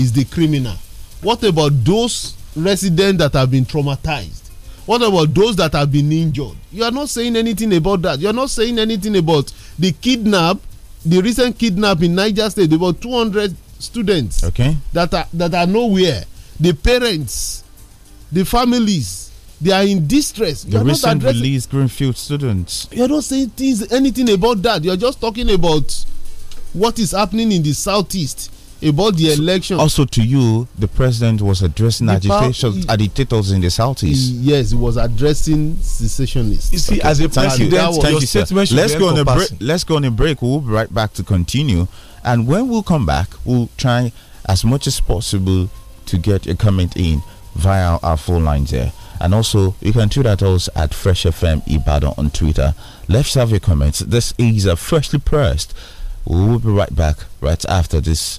is the criminal. What about those residents that have been traumatized? What about those that have been injured? You are not saying anything about that. You are not saying anything about the kidnap, the recent kidnap in Niger State. About 200 students okay. that are that are nowhere. The parents, the families, they are in distress. the recent release Greenfield students. You are not saying things anything about that. You are just talking about what is happening in the southeast about the so election. Also, to you, the president was addressing the agitation, agitators in the southeast. yes, he was addressing secessionists. You see, okay. as a president, you. Thank you, sir. Let's go on a break. Let's go on a break. We'll be right back to continue, and when we come back, we'll try as much as possible to get a comment in via our phone lines there. And also, you can tweet at us at Fresh FM Ibadan on Twitter. Let's have your comments. This is a freshly pressed. We'll be right back right after this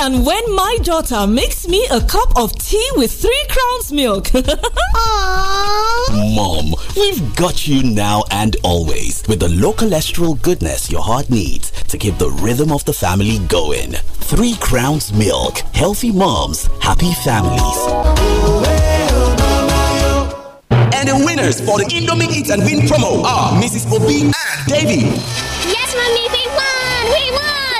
and when my daughter makes me a cup of tea with three crowns milk. Mom, we've got you now and always with the low cholesterol goodness your heart needs to keep the rhythm of the family going. Three crowns milk. Healthy moms, happy families. And the winners for the Indomie Eat and Win promo are Mrs. Obi and Davy. Yes, mommy, we won! We won!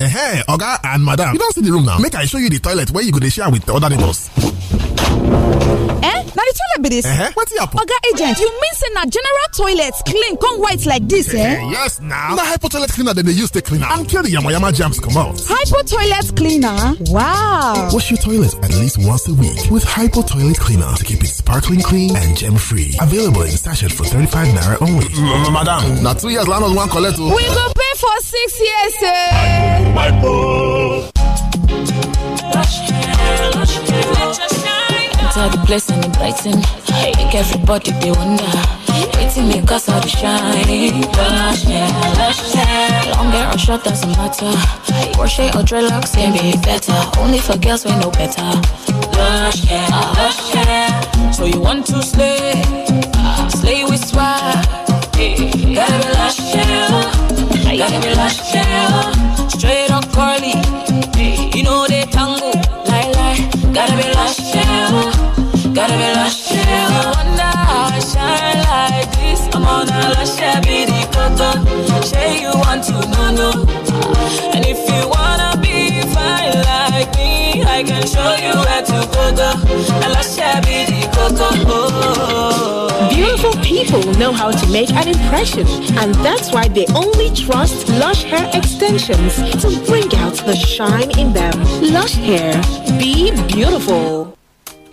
eh oga and madam you don't see the room now make i show you the toilet where you go dey share with other neighbors eh Now the toilet be dis eh, eh wetin happen. oga agent you mean say na general toilet clean come white like this, eh, eh? yes now. na hypo toilet cleaner than they use to clean am and clear the yamayama jams out. hypo toilet cleaner wow wash your toilet at least once a week with hypo toilet cleaner to keep it sparkling clean and gem free available in sachet for 35 naira only madam now two years lanos wan collect o oh. we go pay for six years eh purple. Inside the place and it brighten. Make everybody they wonder. Hating me cause all the shine. Lush hair, lush hair. Long hair or short doesn't matter. Crochet or dreadlocks can be better. Only for girls we know better. Lush hair, lush hair. So you want to slay? Ah, slay with swag. Gotta be lush hair. Gotta be lush hair. Hey, you know they tango, lie lie. Gotta be lush, yeah. Gotta be lush, yeah. I wonder how I shine like this. I'm on a lush, yeah, be the coco. Say you want to know, no. And if you wanna be fine like me, I can show you where to go, go. A lush, yeah, be the coco. Oh people know how to make an impression, and that's why they only trust Lush Hair Extensions to bring out the shine in them. Lush Hair, be beautiful.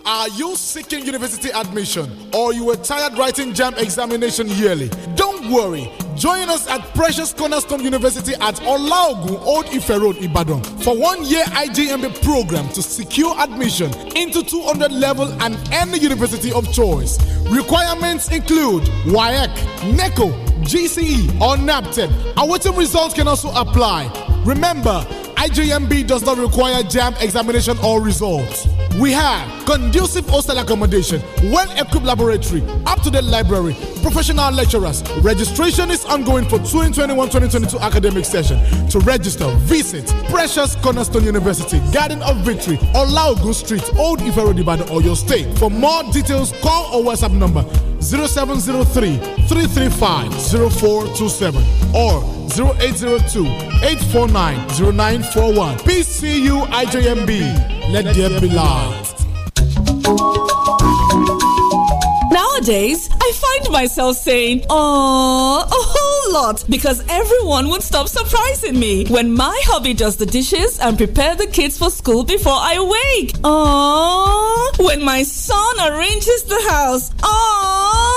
Are you seeking university admission or you were tired writing jam examination yearly? Don't worry. Join us at Precious Cornerstone University at Olaogun Old Ife Road, Ibadan for one year IGMB program to secure admission into 200 level and any university of choice. Requirements include WAEC, NECO, GCE or NAPTEP. Awaiting e results can also apply. Remember, IJMB does not require JAM examination or results. We have conducive hostel accommodation, well equipped laboratory, up to date library, professional lecturers. Registration is ongoing for 2021 2022 academic session. To register, visit Precious Cornerstone University, Garden of Victory, Olaogun Street, Old Ife Road, or your state. For more details, call or WhatsApp number 0703 335 0427 or 0802 849 0941. PCU IJMB. Let there be light. Nowadays, I find myself saying, "Aww," a whole lot because everyone would stop surprising me when my hubby does the dishes and prepare the kids for school before I wake. Aww, when my son arranges the house. Aww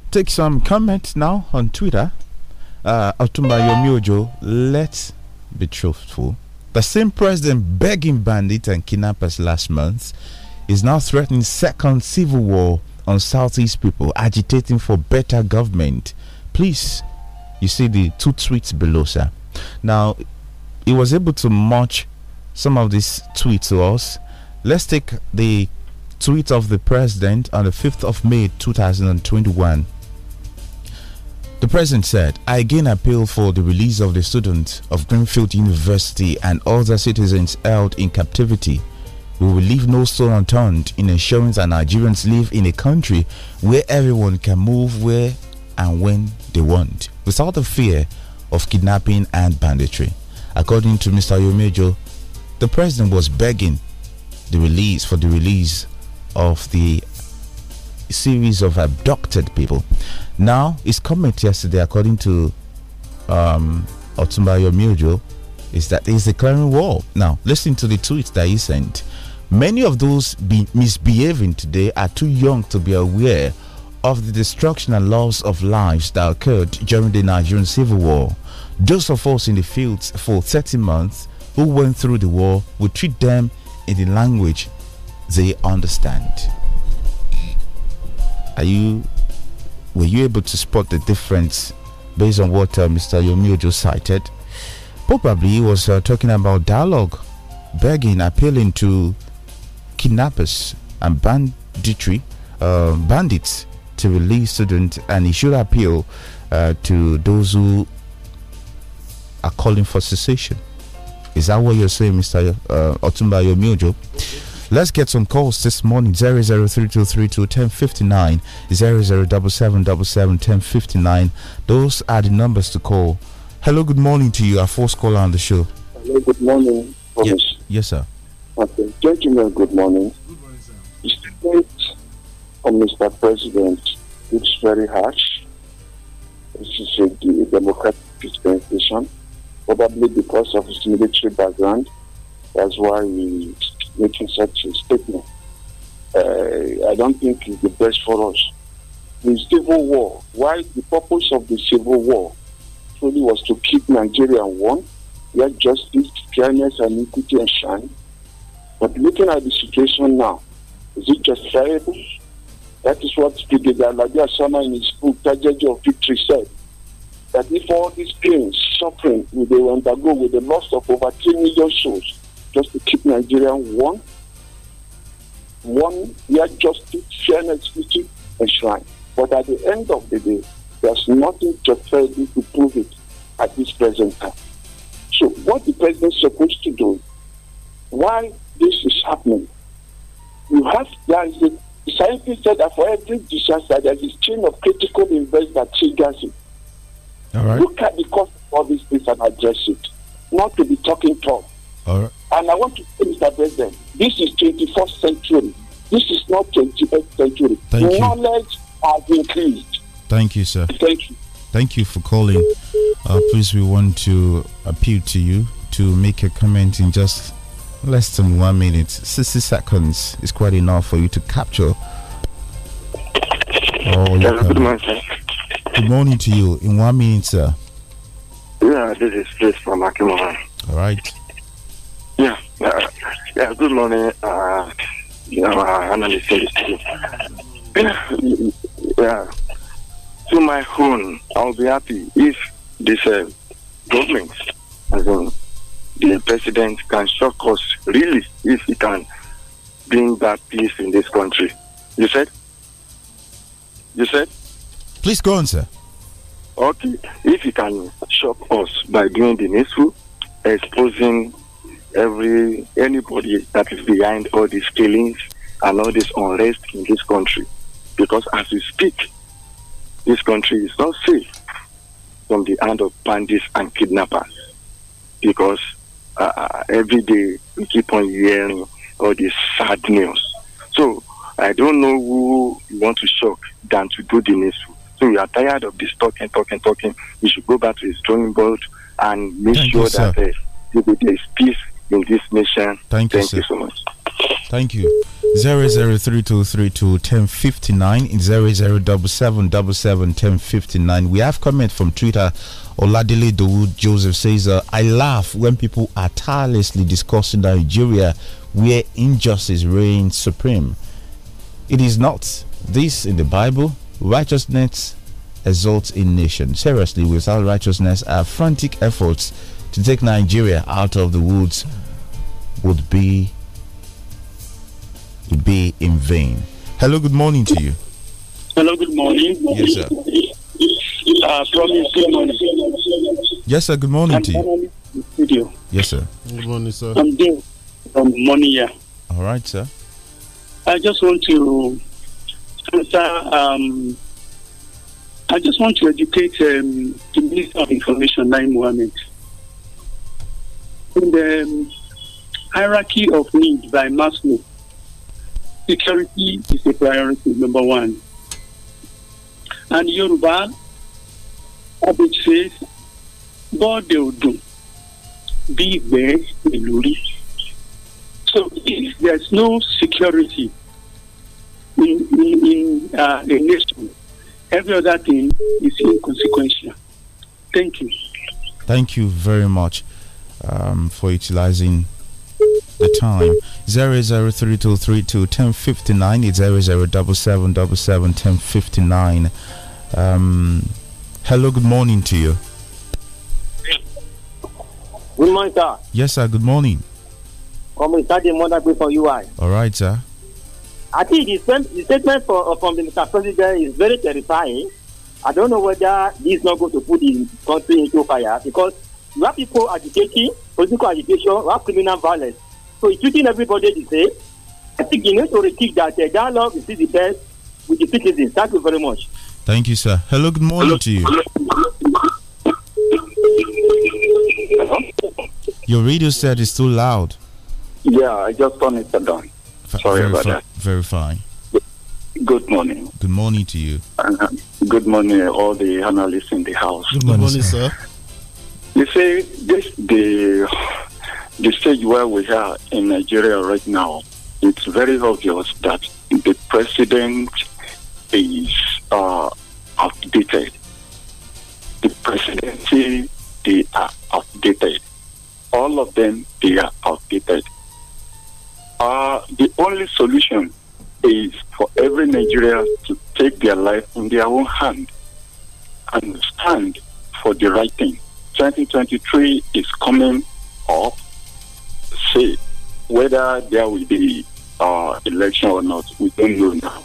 take some comments now on Twitter. Uh, Otumba Yomiojo, let's be truthful. The same president begging bandits and kidnappers last month is now threatening second civil war on Southeast people, agitating for better government. Please, you see the two tweets below, sir. Now, he was able to march some of these tweets to us. Let's take the tweet of the president on the 5th of May 2021. The president said, I again appeal for the release of the students of Greenfield University and other citizens held in captivity. We will leave no stone unturned in ensuring that Nigerians live in a country where everyone can move where and when they want, without the fear of kidnapping and banditry. According to Mr. Yomejo, the president was begging the release for the release of the series of abducted people. Now, his comment yesterday, according to um, Otumbayo Mujo, is that he's declaring war. Now, listen to the tweet that he sent. Many of those misbehaving today are too young to be aware of the destruction and loss of lives that occurred during the Nigerian Civil War. Those of us in the fields for 30 months who went through the war, we treat them in the language they understand. Are you were you able to spot the difference based on what uh, Mr. Yomiojo cited? Probably he was uh, talking about dialogue, begging, appealing to kidnappers and banditry, uh, bandits to release students, and he should appeal uh, to those who are calling for cessation. Is that what you're saying, Mr. Uh, Otumba Yomiojo? Let's get some calls this morning 003232 00777 1059. Those are the numbers to call. Hello, good morning to you, our first caller on the show. Hello, good morning. Yes, yes sir. Okay. Gentlemen, good morning. Good morning, sir. The of Mr. President it's very harsh. This is a, a democratic presentation, probably because of his military background. That's why he making such a statement. Uh, I don't think is the best for us. The civil war, why the purpose of the civil war truly was to keep Nigeria one, where justice, fairness, and equity and shine. But looking at the situation now, is it justifiable? That is what the Ladia Sama in his book, Tragedy of Victory, said. That if all these pains, suffering, they will undergo with the loss of over 3 million souls, just to keep Nigeria one, one where justice, fairness, equity enshrined. But at the end of the day, there's nothing to to prove it at this present time. So what the president is supposed to do, why this is happening, you have there is a scientist said that for every disaster there is a chain of critical events that triggers it. All right. Look at the cost of all these things and address it. Not to be talking talk. All right. And I want to say, Mr. President, this is 21st century. This is not 28th century. Thank Knowledge you. has increased. Thank you, sir. Thank you. Thank you for calling. Uh, please, we want to appeal to you to make a comment in just less than one minute. 60 seconds is quite enough for you to capture. Oh, yeah, good morning, sir. Good morning to you. In one minute, sir. Yeah, this is Chris from Akimova. All right. Yeah, uh, yeah. Good morning, uh, you know, uh, analyst. yeah. To my own, I'll be happy if this uh, government, as in the president, can shock us really if he can bring back peace in this country. You said? You said? Please go on, sir. Okay. If he can shock us by doing the needful, exposing every anybody that is behind all these killings and all this unrest in this country. Because as we speak, this country is not safe from the hand of bandits and kidnappers. Because uh, uh, every day we keep on hearing all this sad news. So I don't know who you want to shock than to do the news. So you are tired of this talking, talking, talking. You should go back to the drawing board and make Thank sure you, that uh, there is peace in this nation. Thank you, Thank sir. you so much. Thank you. 0032321059 007771059. We have comment from Twitter. Oladile Dawood Joseph says, uh, I laugh when people are tirelessly discussing Nigeria where injustice reigns supreme. It is not this in the Bible. Righteousness exalts a nation. Seriously, without righteousness, our frantic efforts to take Nigeria out of the woods would be be in vain. Hello, good morning to you. Hello, good morning. Yes, sir. Uh, promise, good morning. Yes, sir. Good morning I'm to you. Studio. Yes, sir. Good morning, sir. I'm Dave from Monia. All right, sir. I just want to answer. Um, I just want to educate um, the Minister of Information, Naim Mohammed. And um, hierarchy of needs by Maslow, security is a priority, number one. And Yoruba, which says, bọ́ọ̀dẹ̀ odò bí ìgbẹ́ ìlúrí. So if there's no security in, in, in uh, a nation, every other thing is inconsequential. Thank you. Thank you very much um, for utilizing the time 003232 1059 is 00777 1059. Um, hello, good morning to you. Good morning, sir. Yes, sir, good morning. Come in, Sergeant Monday from UI. All right, sir. I think the, statement the statement for, uh, from the Mr. President is very terrifying. I don't know whether this is not going to put the country into fire because we have people agitating, political agitation, we have criminal violence. So it's treating everybody the same. I think you need to repeat that eh? the dialogue is the best with the citizens. Thank you very much. Thank you, sir. Hello, good morning Hello. to you. Hello? Your radio set is too loud. Yeah, I just turned it down. Sorry about that. Very fine. Good morning. Good morning to you. Uh, good morning, all the analysts in the house. Good morning, good morning sir. sir. You see, this the the stage where we are in Nigeria right now, it's very obvious that the president is uh, outdated. The presidency, they are outdated. All of them, they are outdated. Uh, the only solution is for every Nigerian to take their life in their own hand and stand for the right thing. 2023 is coming up say whether there will be uh, election or not. We don't know now.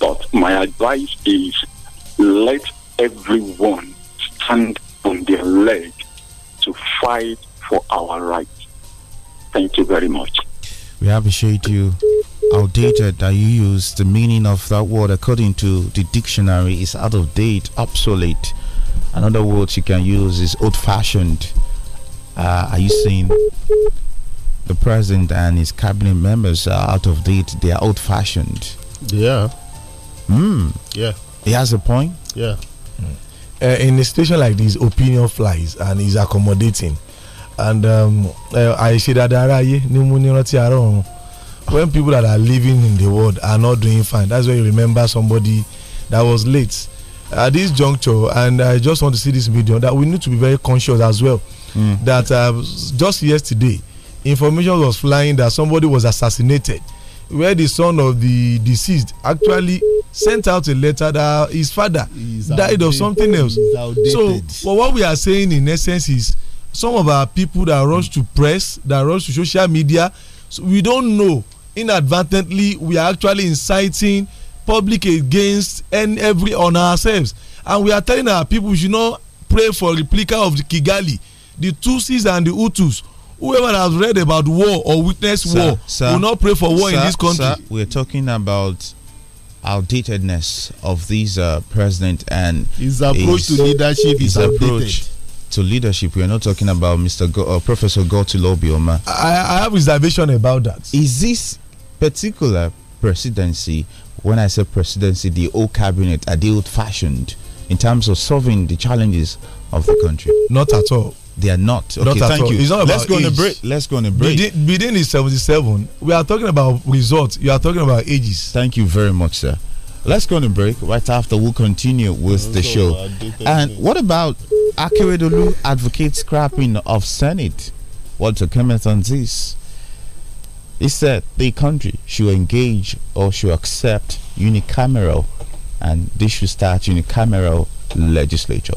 But my advice is let everyone stand on their leg to fight for our rights. Thank you very much. We appreciate you. Outdated that you use the meaning of that word according to the dictionary is out of date, obsolete. Another word you can use is old fashioned. Uh, are you saying the president and his cabinet members are out of date. They are old fashioned. Yeah. Hmm. Yeah. He has a point. Yeah. Hmm. Uh, in a situation like this, opinion flies and is accommodating. And um, uh, when people that are living in the world are not doing fine, that's why you remember somebody that was late at this juncture. And I just want to see this video that we need to be very conscious as well. Mm. That uh, just yesterday, information was flying that somebody was assassinated where the son of the deceased actually sent out a letter that his father He's died outdated. of something else so what we are saying in essence is some of our people that rush to press that rush to social media so we don't know inadvertently we are actually inciting public against and every on ourselves and we are telling our people we should not pray for replica of the kigali the tutsis and the hutus whoever has read about war or witnessed sir, war sir, will not pray for war sir, in this country. we're talking about outdatedness of this uh, president and his approach his, to leadership his approach to leadership we are not talking about mr Go, uh, professor Gautier Obioma I, I have reservation about that is this particular presidency when i say presidency the old cabinet are they old fashioned in terms of solving the challenges of the country not at all they are not. Okay, not thank all. you. It's not Let's go age. on a break. Let's go on a break. Within Biden is 77. We are talking about results. You are talking about ages. Thank you very much, sir. Let's go on a break. Right after, we'll continue with the show. And what about Akeredolu advocates scrapping of Senate? What's your comment on this? He said the country should engage or should accept unicameral and they should start unicameral legislature.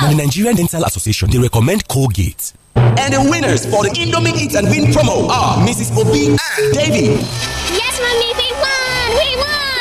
Now, the Nigerian Dental Association, they recommend Colgate. And the winners for the Indomie Eat and Win promo are Mrs. Obi and David. Yes, Mommy, we won! We won!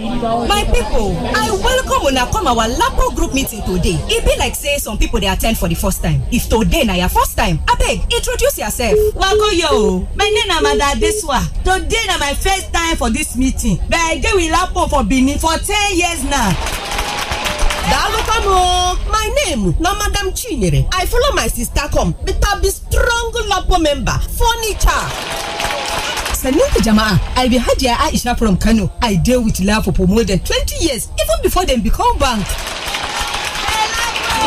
my people, i welcome una come our lapo group meeting today It e be like say some people they attend for the first time if today na your first time abeg introduce yourself. Wako yo, my name is mada adesuwa today na my first time for this meeting but i dey with lapo for benin for ten years now. daalụkwanụ my name na madam chinyere i follow my sister come beta be strong lapo member fonicha. sannin ku jama'a i be hajiya aisha from kano i deal with love for more than twenty years even before them become bank.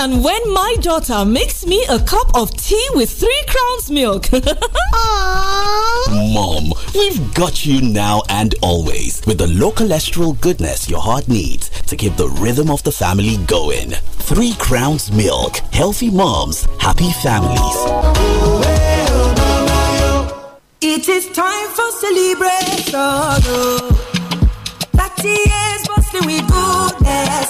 and when my daughter makes me a cup of tea with three crowns milk. Mom, we've got you now and always with the low cholesterol goodness your heart needs to keep the rhythm of the family going. Three crowns milk. Healthy moms, happy families. It is time for celebration. 30 years bustling with goodness.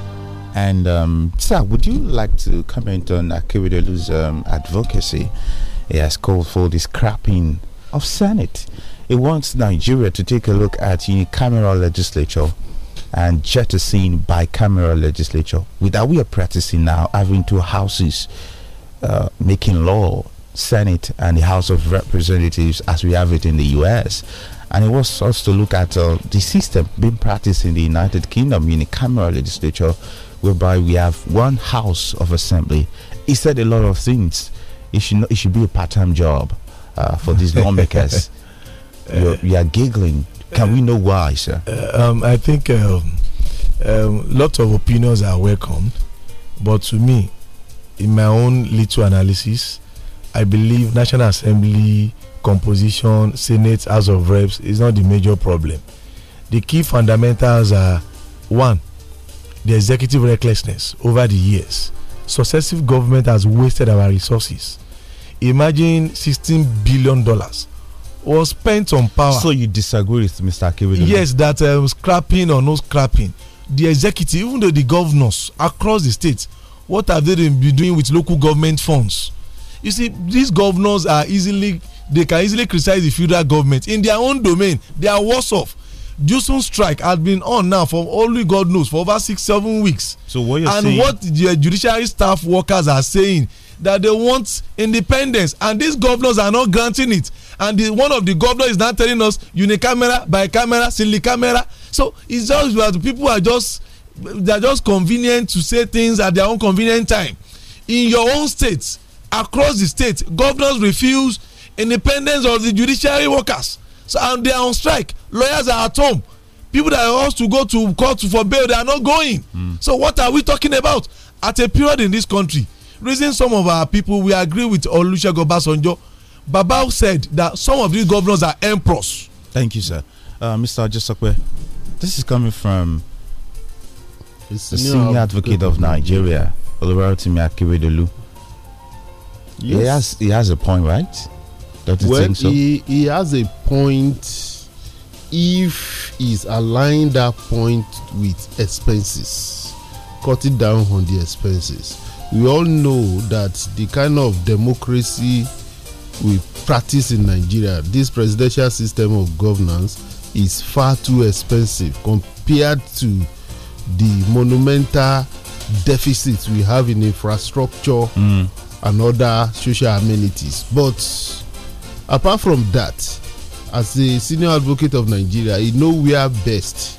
And um, sir, would you like to comment on Akewedelu's um, advocacy? He has called for the scrapping of Senate. He wants Nigeria to take a look at unicameral legislature and jettison bicameral legislature. Without we are practicing now, having two houses uh, making law, Senate and the House of Representatives, as we have it in the U.S and he wants us to look at uh, the system being practiced in the United Kingdom unicameral legislature whereby we have one house of assembly. He said a lot of things. It should, not, it should be a part time job uh, for these lawmakers. you're, uh, you're, giggling. Can we know why, sir? Uh, um, I think um, um, lots of opinions are welcome, but to me, in my own little analysis, I believe National Assembly composition, Senate, House of Reps is not the major problem. The key fundamentals are one, the executive recklessness over the years. Successive government has wasted our resources. Imagine sixteen billion dollars was spent on power. So you disagree with Mr. Akewele? Yes, that um, scrapping or no scrapping, the executive, even though the governors across the state, what have they been doing with local government funds? You see, these governors are easily they can easily criticize the federal government in their own domain. They are worse off Jusun strike has been on now for only God knows for over six seven weeks. So what and saying, what the judiciary staff workers are saying that they want independence and these governors are not granting it and the, one of the governors is now telling us unicamera bicamera silly camera so it's just that people are just they are just convenient to say things at their own convenient time in your own state across the state governors refuse independence of the judiciary workers so, and they are on strike lawyers are at home people that are asked to go to court for bail they are not going mm. so what are we talking about at a period in this country reason some of our people we agree with olusegun obasanjo baba said that some of these governors are emperors. thank you sir uh, mr ajisokwe this is coming from it's the senior advocate of nigeria oluwarotimi akeredolu yes he has, he has a point right that well, think so? he, he has a point if he's aligned that point with expenses, cutting down on the expenses. We all know that the kind of democracy we practice in Nigeria, this presidential system of governance is far too expensive compared to the monumental deficits we have in infrastructure mm. and other social amenities. But apart from that, as the senior advocate of Nigeria, he know we are best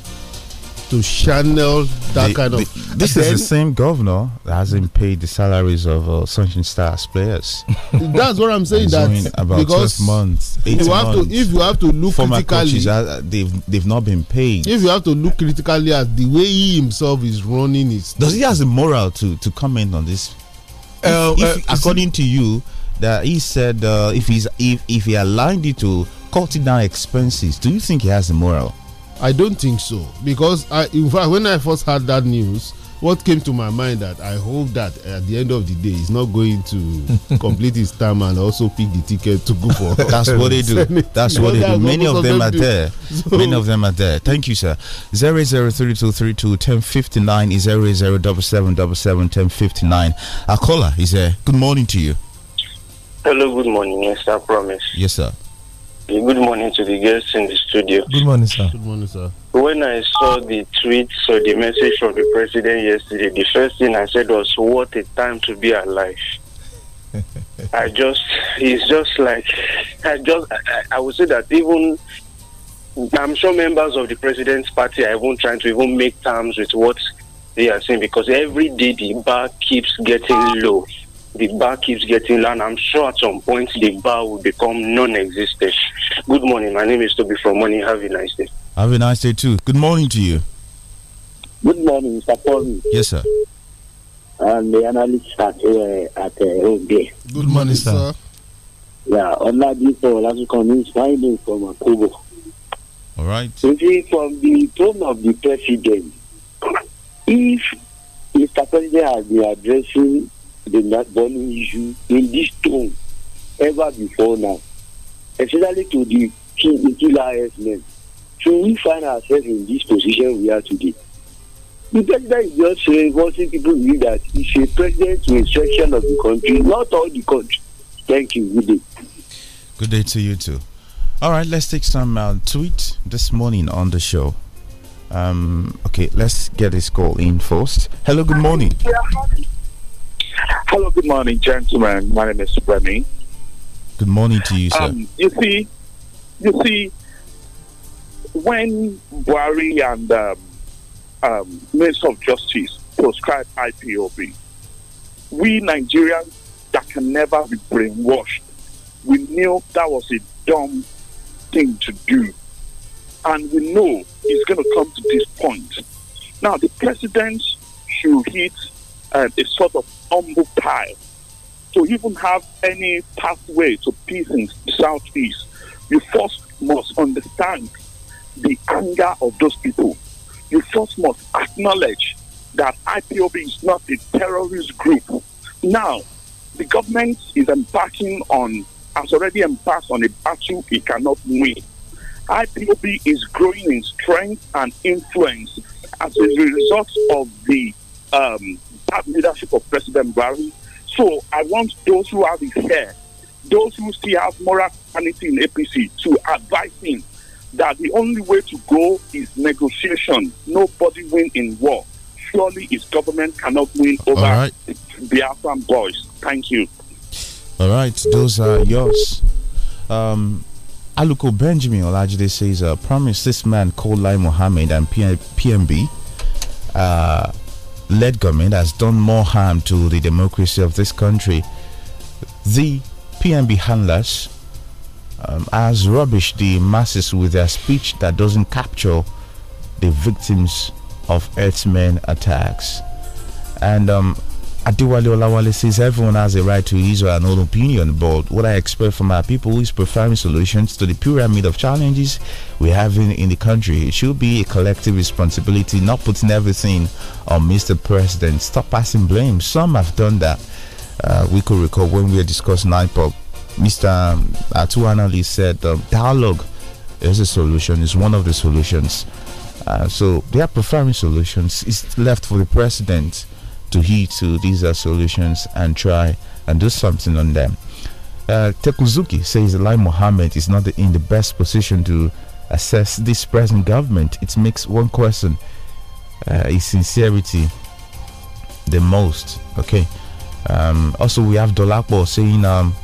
to channel that the, kind of. The, this then, is the same governor that hasn't paid the salaries of uh, Sunshine Stars players. That's what I'm saying. that about because 12 months, eight months, to, if you have to look former critically, coaches, uh, they've they've not been paid. If you have to look critically at the way he himself is running it, does he has the moral to to comment on this? Uh, if, uh, according to you, that he said uh, if he's if if he aligned it to cutting down expenses, do you think he has the moral? I don't think so because I, in fact, when I first heard that news, what came to my mind that I hope that at the end of the day he's not going to complete his term and also pick the ticket to go for. that's what they do. That's what they do. Many of them, are there. So Many of them are there. Thank you, sir. Zero zero three two three two ten fifty nine is zero zero double seven double seven ten fifty nine. Akola is there. Good morning to you. Hello, good morning, yes, I Promise. Yes, sir. Good morning to the guests in the studio. Good morning, sir. Good morning, sir. When I saw the tweets or the message from the president yesterday, the first thing I said was, "What a time to be alive." I just, it's just like, I just, I, I would say that even I'm sure members of the president's party are even trying to even make terms with what they are saying because every day the bar keeps getting low the bar keeps getting land. I'm sure at some point the bar will become non-existent. Good morning. My name is Toby from Money. Have a nice day. Have a nice day too. Good morning to you. Good morning, Mr. Paul. Yes, sir. And the analyst at uh, at uh, Home Good, Good morning, sir. sir. Yeah, Oladipo Olazukan is finding from Akubo. All right. You see, from the tone of the president, if Mr. President has been addressing the burning issue in this throne ever before now, especially to the Killers men. So we find ourselves in this position we are today. The president is just some people believe that it's a president with a section of the country, not all the country. Thank you. Good day. Good day to you too. All right, let's take some uh, tweet this morning on the show. Um, okay, let's get this call in first. Hello, good morning. Hello, good morning, gentlemen. My name is Remy. Good morning to you, sir. Um, you see, you see, when Buhari and um, um, Minister of Justice proscribed IPOB, we Nigerians that can never be brainwashed, we knew that was a dumb thing to do. And we know it's going to come to this point. Now, the president should hit and uh, a sort of humble pile. To even have any pathway to peace in the Southeast, you first must understand the anger of those people. You first must acknowledge that IPOB is not a terrorist group. Now, the government is embarking on, has already embarked on a battle it cannot win. IPOB is growing in strength and influence as a result of the um, that leadership of President Buhari. So I want those who have his hair, those who still have moral quality in APC, to advise him that the only way to go is negotiation. Nobody win in war. Surely his government cannot win over the African boys. Thank you. All right, those are yours. Um, Aluko Benjamin Olajide says, uh, promise this man, Kolai Mohammed and PM PMB, uh, led government has done more harm to the democracy of this country. The PNB handlers um, has rubbish the masses with their speech that doesn't capture the victims of earthman attacks. And um, Adewale Olawale says everyone has a right to his or her own opinion, but what I expect from our people is preferring solutions to the pyramid of challenges we're having in the country. It should be a collective responsibility, not putting everything on Mr. President. Stop passing blame. Some have done that. Uh, we could recall when we were discussing IPOP, Mr. Um, Atuanali said uh, dialogue is a solution, is one of the solutions. Uh, so they are preferring solutions. It's left for the president to heed to these uh, solutions and try and do something on them. Uh, Tekuzuki says Lai Mohammed is not in the best position to assess this present government. It makes one question uh, his sincerity the most. Okay. Um, also, we have Dolapo saying um,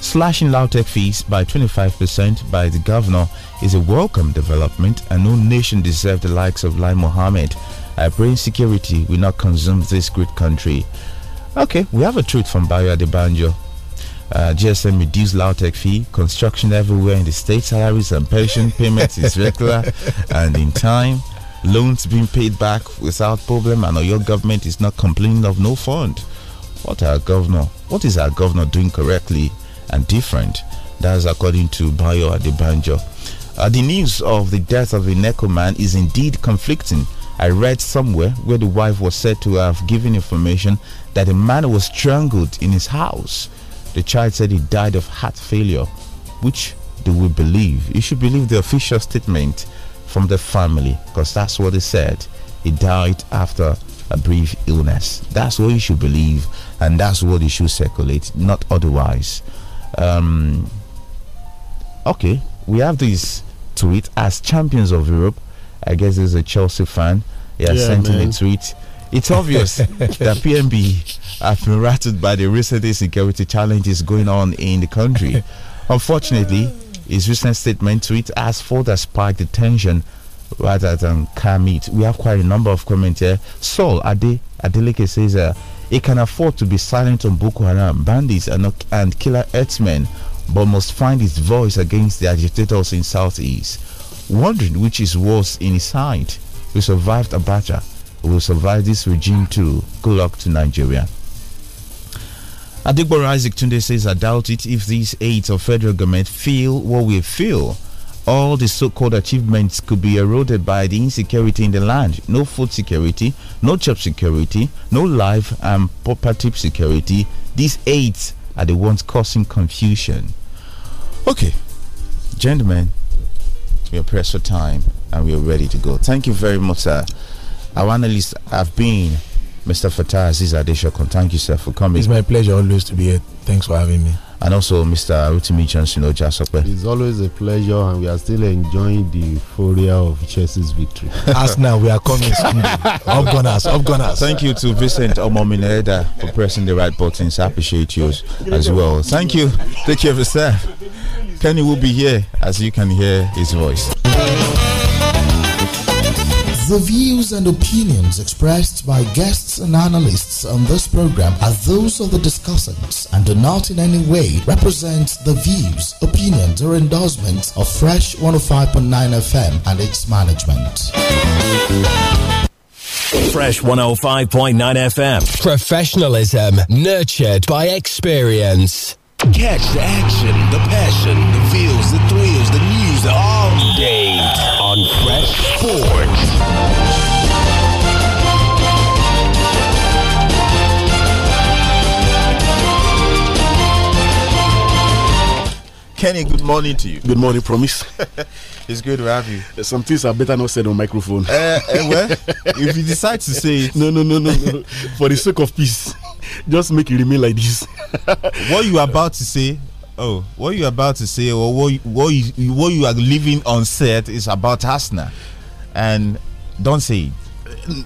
slashing Lautech fees by 25% by the governor is a welcome development, and no nation deserves the likes of Lai Mohammed I pray insecurity will not consume this great country. Okay, we have a tweet from Bayo Adebanjo. Uh, GSM reduced tech fee, construction everywhere in the state, salaries and pension payments is regular and in time. Loans being paid back without problem, and your government is not complaining of no fund. What our governor? What is our governor doing correctly and different? That's according to Bayo Adebanjo. Uh, the news of the death of a Neco man is indeed conflicting I read somewhere where the wife was said to have given information that the man was strangled in his house. The child said he died of heart failure, which do we believe? You should believe the official statement from the family because that's what they said. He died after a brief illness. That's what you should believe and that's what you should circulate, not otherwise. Um, okay, we have this tweet as champions of Europe I guess he's a Chelsea fan. He has yeah, sent man. in a tweet. It's obvious that PMB have been rattled by the recent security challenges going on in the country. Unfortunately, his recent statement tweet has further sparked the tension rather than calm it. We have quite a number of comments here. Saul Ade Adeleke says, uh, can afford to be silent on Boko Haram bandits and, and killer herdsmen, but must find his voice against the agitators in Southeast." wondering which is worse in his sight. We survived Abacha. We will survive this regime too. Good luck to Nigeria. Adigboro Isaac Tunde says, I doubt it if these aides of federal government feel what we feel. All the so-called achievements could be eroded by the insecurity in the land. No food security, no job security, no life and property security. These aides are the ones causing confusion. Okay, gentlemen, we are pressed for time and we are ready to go. Thank you very much, sir. Our analysts have been Mr. Fatah Aziz Adeshokon. Thank you, sir, for coming. It's my pleasure always to be here. Thanks for having me and also Mr. Rotimi Johnson Ojasope. It's always a pleasure, and we are still enjoying the euphoria of Chelsea's victory. As now we are coming soon. up gunners, up gunners. Thank you to Vincent Omomineda for pressing the right buttons. I appreciate yours as well. Thank you. Take care of yourself. Kenny will be here as you can hear his voice. The views and opinions expressed by guests and analysts on this program are those of the discussants and do not in any way represent the views, opinions, or endorsements of Fresh 105.9 FM and its management. Fresh 105.9 FM. Professionalism nurtured by experience. Catch the action, the passion, the feels, the thrills, the news all day on Fresh Sports. Kenny, good morning to you. Good morning, Promise. it's good to have you. Some things are better not said on microphone. Uh, uh, well, if you decide to say it. No, no, no, no, no. For the sake of peace, just make it remain like this. what you are about to say oh what you're about to say or what you, what you, what you are leaving unsaid is about Asna, and don't say it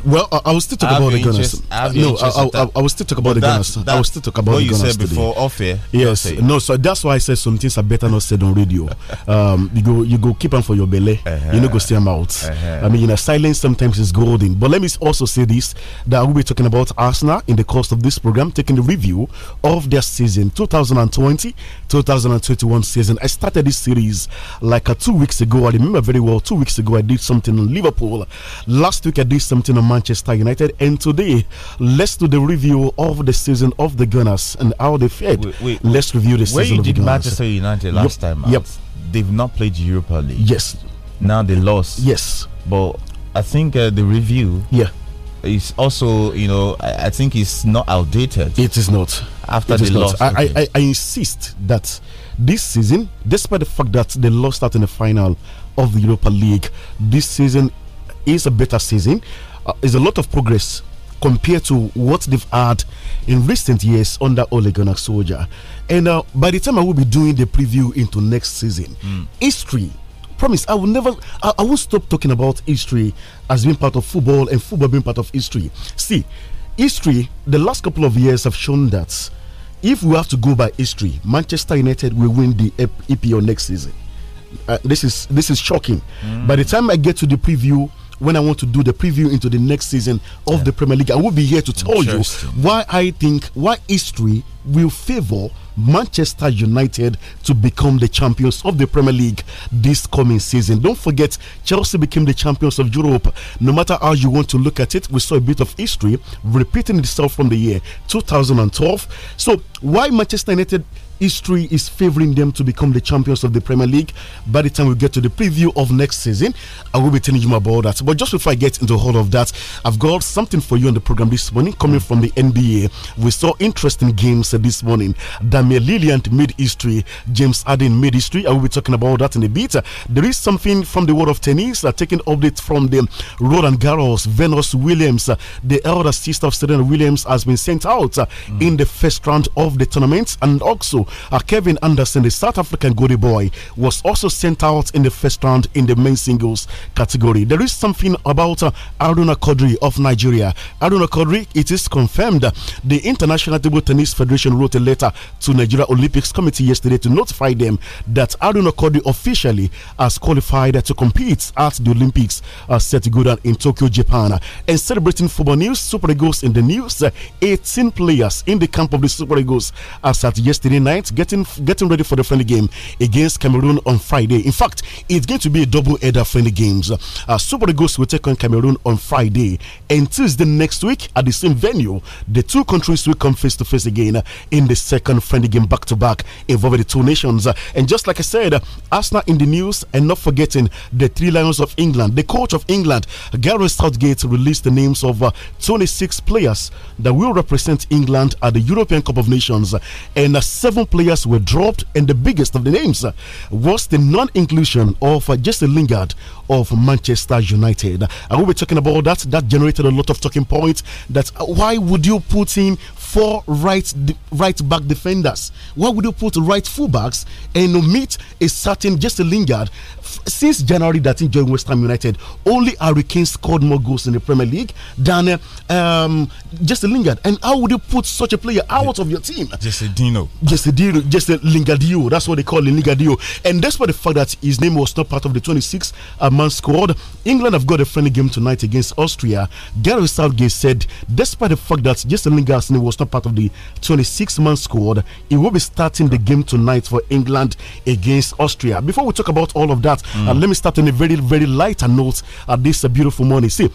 well, I, I will still talk about the Gunners. No, I, I, I, will still talk about the Gunners. I will still talk about what the Gunners. you said before off air. Yes, no. So that's why I said some things are better not said on radio. um, you go, you go keep them for your belly. Uh -huh. You know, go see them out. Uh -huh. I mean, you know, silence sometimes is golden. But let me also say this: that we'll be talking about Arsenal in the course of this program, taking the review of their season 2020-2021 season. I started this series like uh, two weeks ago. I remember very well. Two weeks ago, I did something in Liverpool. Last week, I did something Tottenham, Manchester United. And today, let's do the review of the season of the Gunners and how they fared. Wait, wait, let's review the season. Where you of did the Gunners. Manchester United last yep, time? Out, yep. They've not played Europa League. Yes. Now they lost. Yes. But I think uh, the review. Yeah. It's also, you know, I, think it's not outdated. It is not. After it they lost. I, I, I insist that this season, despite the fact that they lost out in the final of the Europa League, this season is a better season uh, is a lot of progress compared to what they've had in recent years under Ole Gunnar Soldier. And uh, by the time I will be doing the preview into next season, mm. history. Promise, I will never, I, I will stop talking about history as being part of football and football being part of history. See, history, the last couple of years have shown that if we have to go by history, Manchester United will win the EPL next season. Uh, this is this is shocking. Mm. By the time I get to the preview, when I want to do the preview into the next season of yeah. the Premier League. I will be here to tell you why I think why history will favor Manchester United to become the champions of the Premier League this coming season. Don't forget, Chelsea became the champions of Europe. No matter how you want to look at it, we saw a bit of history repeating itself from the year 2012. So, why Manchester United history is favoring them to become the champions of the Premier League. By the time we get to the preview of next season, I will be telling you about that. But just before I get into all of that, I've got something for you on the program this morning coming from the NBA. We saw interesting games this morning. Damian Lilliant made history, James Harden made history. I will be talking about that in a bit. There is something from the world of tennis, uh, taking updates from the Roland Garros, Venus Williams, uh, the elder sister of Serena Williams, has been sent out uh, mm. in the first round of the tournament, and also uh, Kevin Anderson, the South African goodie boy, was also sent out in the first round in the men's singles category. There is something about uh, Aruna Kodri of Nigeria. Aruna Kodri, it is confirmed uh, the International Table Tennis Federation wrote a letter to Nigeria Olympics Committee yesterday to notify them that Aruna Kodri officially has qualified to compete at the Olympics uh, set to go down in Tokyo, Japan. And celebrating football news, Super Eagles in the news, uh, 18 players in the camp of the Super Eagles as at yesterday night night, getting getting ready for the friendly game against Cameroon on Friday. In fact, it's going to be a double header friendly games. Uh, Super Eagles will take on Cameroon on Friday and Tuesday next week at the same venue. The two countries will come face to face again in the second friendly game back to back involving the two nations. And just like I said, Arsenal in the news and not forgetting the three Lions of England. The coach of England, Gareth Southgate, released the names of uh, 26 players that will represent England at the European Cup of Nations and uh, seven players were dropped, and the biggest of the names was the non inclusion of Jesse Lingard of Manchester United. And we were talking about that. That generated a lot of talking points. That uh, why would you put him four right right back defenders. Why would you put right fullbacks and omit a certain Jesse Lingard? Since January 13, joined West Ham United, only Harry Kane scored more goals in the Premier League than um, Jesse Lingard. And how would you put such a player out yeah. of your team? Jesse Dino. Jesse Dino. Jesse Lingardio. That's what they call him, Lingardio. And despite the fact that his name was not part of the 26 man squad, England have got a friendly game tonight against Austria. Gary Southgate said, despite the fact that Jesse Lingard's name was part of the 26 man squad. He will be starting the game tonight for England against Austria. Before we talk about all of that, mm. uh, let me start on a very, very lighter note at uh, this uh, beautiful morning. See,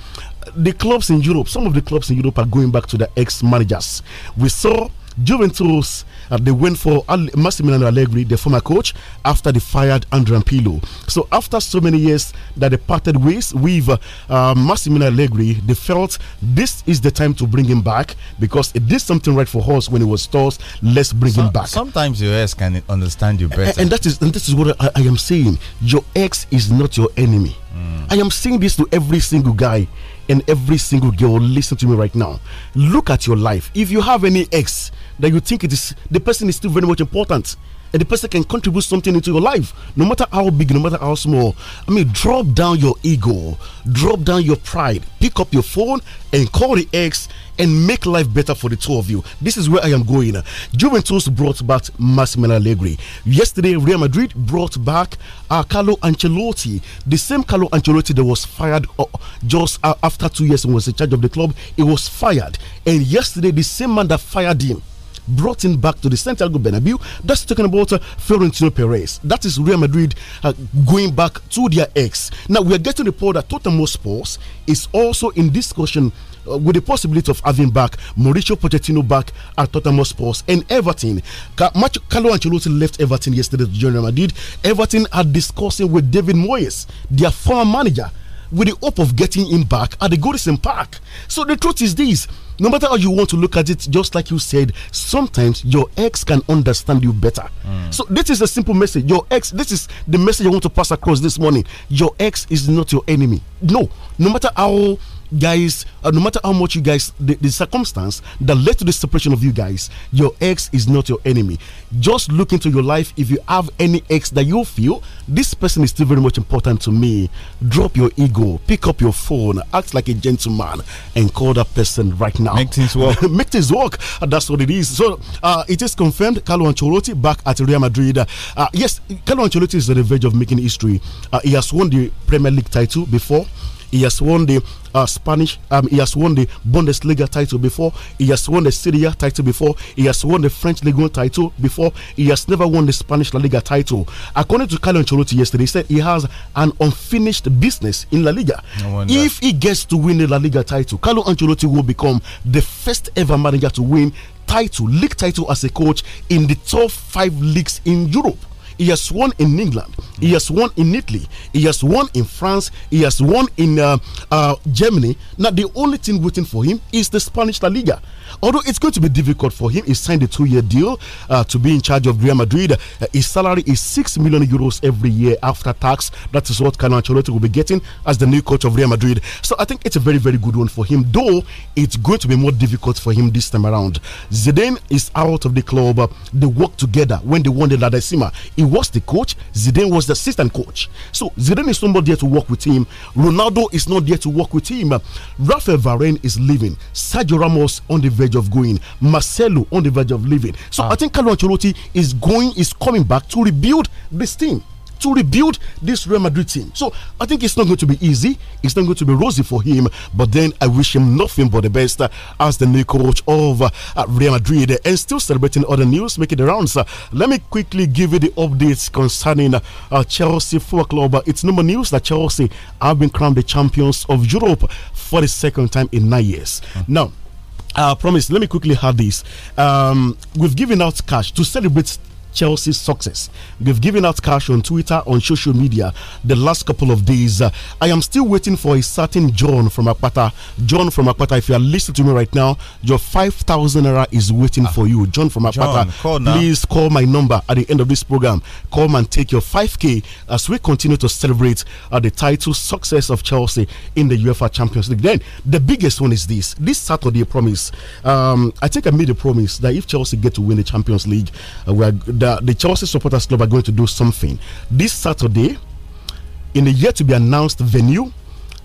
the clubs in Europe, some of the clubs in Europe are going back to the ex managers. We saw Juventus uh, they went for Al Massimiliano Allegri, the former coach, after they fired Andrea Pirlo. So after so many years that they parted ways with uh, uh, Massimiliano Allegri, they felt this is the time to bring him back because it did something right for us when he was tossed. Let's bring so, him back. Sometimes your ex can understand you better, and, and that is and this is what I, I, am saying. Your ex is not your enemy. Mm. I am saying this to every single guy and every single girl. Listen to me right now. Look at your life. If you have any ex that you think it is the person is still very much important and the person can contribute something into your life, no matter how big, no matter how small. I mean, drop down your ego, drop down your pride, pick up your phone and call the ex and make life better for the two of you. This is where I am going. Juventus brought back Massimiliano Allegri. Yesterday, Real Madrid brought back uh, Carlo Ancelotti, the same Carlo Ancelotti that was fired uh, just uh, after two years and was in charge of the club. He was fired, and yesterday, the same man that fired him brought him back to the Santiago Bernabeu. That's talking about uh, Florentino Perez. That is Real Madrid uh, going back to their ex. Now, we are getting report that Tottenham Sports is also in discussion uh, with the possibility of having back Mauricio Pochettino back at Tottenham Sports and Everton. Carlo Ancelotti left Everton yesterday to join Real Madrid. Everton are discussing with David Moyes, their former manager, with the hope of getting him back at the Goodison Park. So the truth is this: no matter how you want to look at it, just like you said, sometimes your ex can understand you better. Mm. So this is a simple message. Your ex, this is the message I want to pass across this morning. Your ex is not your enemy. No, no matter how guys, uh, no matter how much you guys, the, the, circumstance that led to the separation of you guys, your ex is not your enemy. Just look into your life. If you have any ex that you feel, this person is still very much important to me, drop your ego, pick up your phone, act like a gentleman, and call that person right now. Make things work. Make things work. Uh, that's what it is. So uh, it is confirmed Carlo Ancelotti back at Real Madrid. Uh, yes, Carlo Ancelotti is on the verge of making history. Uh, he has won the Premier League title before. He has won the uh, Spanish. Um, he has won the Bundesliga title before. He has won the Serie A title before. He has won the French Ligue 1 title before. He has never won the Spanish La Liga title. According to Carlo Ancelotti yesterday, he said he has an unfinished business in La Liga. No if he gets to win the La Liga title, Carlo Ancelotti will become the first ever manager to win title, league title as a coach in the top five leagues in Europe. He has won in England. He has won in Italy. He has won in France. He has won in uh, uh, Germany. Now, the only thing waiting for him is the Spanish La Liga. Although it's going to be difficult for him, he signed a two year deal uh, to be in charge of Real Madrid. Uh, his salary is 6 million euros every year after tax. That is what Carlo Ancelotti will be getting as the new coach of Real Madrid. So I think it's a very, very good one for him, though it's going to be more difficult for him this time around. Zidane is out of the club. Uh, they worked together when they won the La Decima. He was the coach, Zidane was the assistant coach. So Zidane is not there to work with him. Ronaldo is not there to work with him. Rafael Varane is leaving. Sergio Ramos on the verge of going. Marcelo on the verge of leaving. So ah. I think Carlo Ancelotti is going, is coming back to rebuild this team to rebuild this Real Madrid team. So I think it's not going to be easy. It's not going to be rosy for him. But then I wish him nothing but the best as the new coach of uh, Real Madrid. And still celebrating other news, making the rounds. let me quickly give you the updates concerning uh, Chelsea Football Club. It's number news that Chelsea have been crowned the champions of Europe for the second time in nine years. Mm. Now, I promise, let me quickly have this. Um, we've given out cash to celebrate Chelsea's success. We've given out cash on Twitter, on social media the last couple of days. Uh, I am still waiting for a certain John from Apata. John from Apata, if you are listening to me right now, your 5,000 naira is waiting for you. John from Apata, John, call please call my number at the end of this program. Come and take your 5K as we continue to celebrate uh, the title success of Chelsea in the UEFA Champions League. Then, the biggest one is this. This Saturday, I promise. Um, I think I made a promise that if Chelsea get to win the Champions League, uh, we are the Chelsea Supporters Club are going to do something this Saturday in the yet to be announced venue.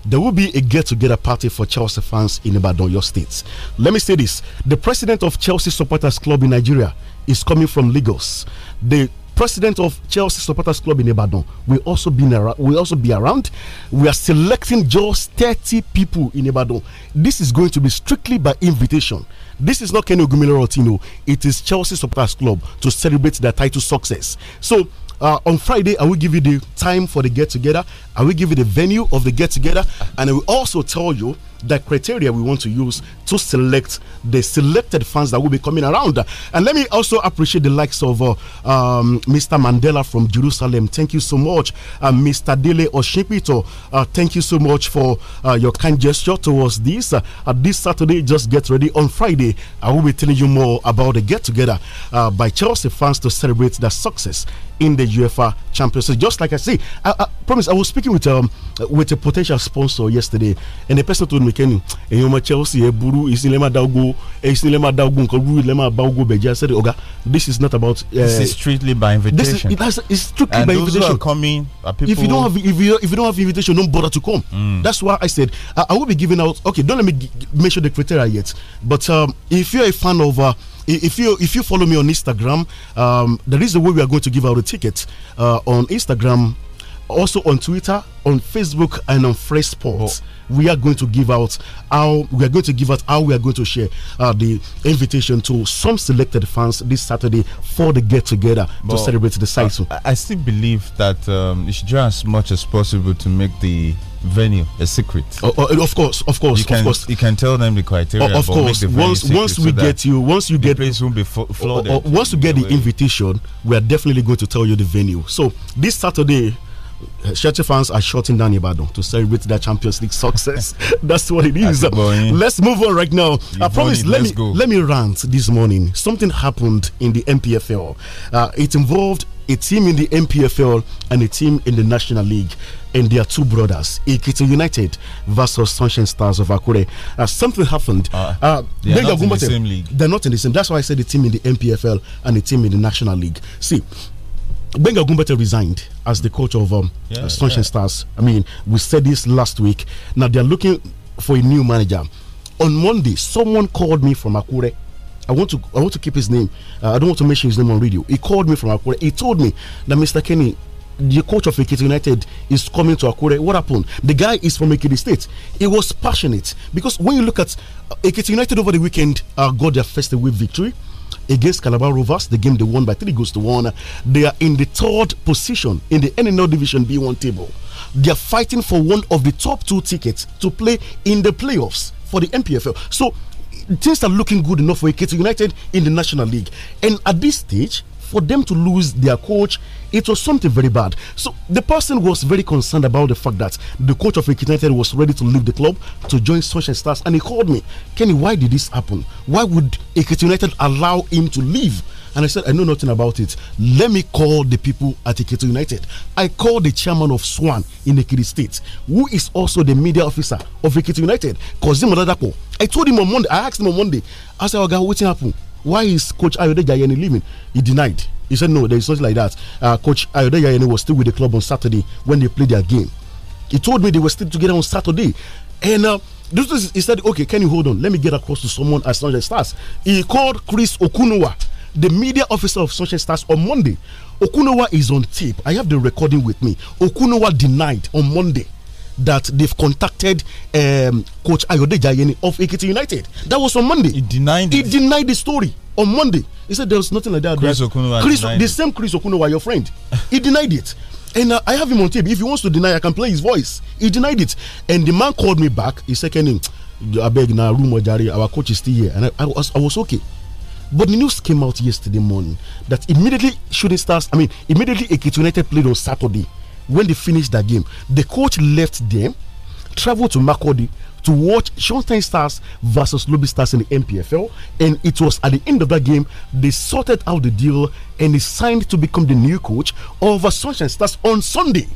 There will be a get together party for Chelsea fans in Ibadan, your states. Let me say this the president of Chelsea Supporters Club in Nigeria is coming from Lagos. The president of Chelsea Supporters Club in Ibadan, will also be around, will also be around. We are selecting just 30 people in Ibadan. This is going to be strictly by invitation. This is not Kenny Rotino. It is Chelsea Supporters Club to celebrate their title success. So uh, on Friday, I will give you the time for the get together. I will give you the venue of the get together, and I will also tell you the criteria we want to use to select the selected fans that will be coming around. And let me also appreciate the likes of uh, um, Mr. Mandela from Jerusalem. Thank you so much. Uh, Mr. Dele Oshipito, uh, thank you so much for uh, your kind gesture towards this. Uh, uh, this Saturday, just get ready. On Friday, I will be telling you more about the get together by Chelsea fans to celebrate their success in the UEFA Champions League. Just like I say, I, I promise I was speaking with um, with a potential sponsor yesterday, and the person told me Upamecano ẹ̀yin ọmọ Chelsea ẹ burú ìsìn lẹ́ẹ̀ da ogo ìsìn lẹ́ẹ̀ da ogo nǹkan rúurú lẹ́ẹ̀ ba ogo bẹ̀jẹ̀ sẹ́dẹ̀ ọ̀gá this is not about. Uh, this is strictly by invitation. This is, it's strictly and by invitation. and those who are coming are people. If you don't have if you if you don't have invitation, don't bother to come. Mm. That's why I said I, I will be giving out. Okay, don't let me make sure the criteria yet. But um, if you're a fan of. Uh, if you if you follow me on Instagram, um, there is a way we are going to give out a ticket uh, on Instagram also on Twitter, on Facebook, and on Fresh Sports. Oh. We are going to give out how we are going to give out how we are going to share uh, the invitation to some selected fans this Saturday for the get together but to celebrate the title. I, I, still believe that um, you should try as much as possible to make the venue a secret. Oh, oh, of course, of course, you can, of course. You can tell them the criteria. Oh, of course, once once we so get you, once you get place will be flooded. once you get the way. invitation, we are definitely going to tell you the venue. So this Saturday Chelsea fans are shutting down Ibadan to celebrate their Champions League success. That's what it is. Eh? Let's move on right now. I promise. Eh? let me go. let me rant this morning. Something happened in the MPFL. Uh, it involved a team in the MPFL and a team in the National League. And their two brothers, Ikiti United versus Sunshine Stars of Akure. Uh, something happened. Uh, uh, they are not in the same league. They're not in the same. That's why I said the team in the MPFL and a team in the National League. See, Benga Gumbete resigned as the coach of um, yeah, uh, Sunshine yeah. Stars. I mean, we said this last week. Now they are looking for a new manager. On Monday, someone called me from Akure. I want to I want to keep his name. Uh, I don't want to mention his name on radio. He called me from Akure. He told me that Mr. Kenny, the coach of Ekiti United, is coming to Akure. What happened? The guy is from Ekiti State. He was passionate because when you look at uh, Ekiti United over the weekend, uh, got their first away victory against Calabar Rovers. The game they won by three goals to one. They are in the third position in the NNL Division B1 table. They are fighting for one of the top two tickets to play in the playoffs for the NPFL. So things are looking good enough for Ekiti United in the National League. And at this stage, for them to lose their coach, it was something very bad. So the person was very concerned about the fact that the coach of United was ready to leave the club to join Sunshine Stars, and he called me, Kenny, why did this happen? Why would United allow him to leave? And I said, I know nothing about it. Let me call the people at Ikito United. I called the chairman of Swan in Ekiti State, who is also the media officer of Ikito United, Kozim Odadapo. I told him on Monday, I asked him on Monday, I said, Oga, what happened? Why is Coach Ayode leaving? He denied. He said, no, there is nothing like that. Uh, Coach Ayode was still with the club on Saturday when they played their game. He told me they were still together on Saturday. And uh, this is, he said, okay, can you hold on? Let me get across to someone at Sunshine Stars. He called Chris Okunowa, the media officer of Sunshine Stars, on Monday. Okunowa is on tape. I have the recording with me. Okunowa denied on Monday that they've contacted um, Coach Ayodeji of Ekiti United. That was on Monday. He denied. He it. denied the story on Monday. He said there was nothing like that. Chris Okunowa. Chris, the same Chris Okunowa, your friend, he denied it. And uh, I have him on tape. If he wants to deny, I can play his voice. He denied it. And the man called me back. He said, Kenny, I beg now, rumor, Jari, our coach is still here. And I, I, was, I was okay. But the news came out yesterday morning that immediately Shooting Stars, I mean, immediately Ekiti United played on Saturday when they finished that game, the coach left them, traveled to Makodi to watch Shonstein Stars versus Lobby Stars in the MPFL. And it was at the end of that game they sorted out the deal and he signed to become the new coach of Sunshine Stars on Sunday.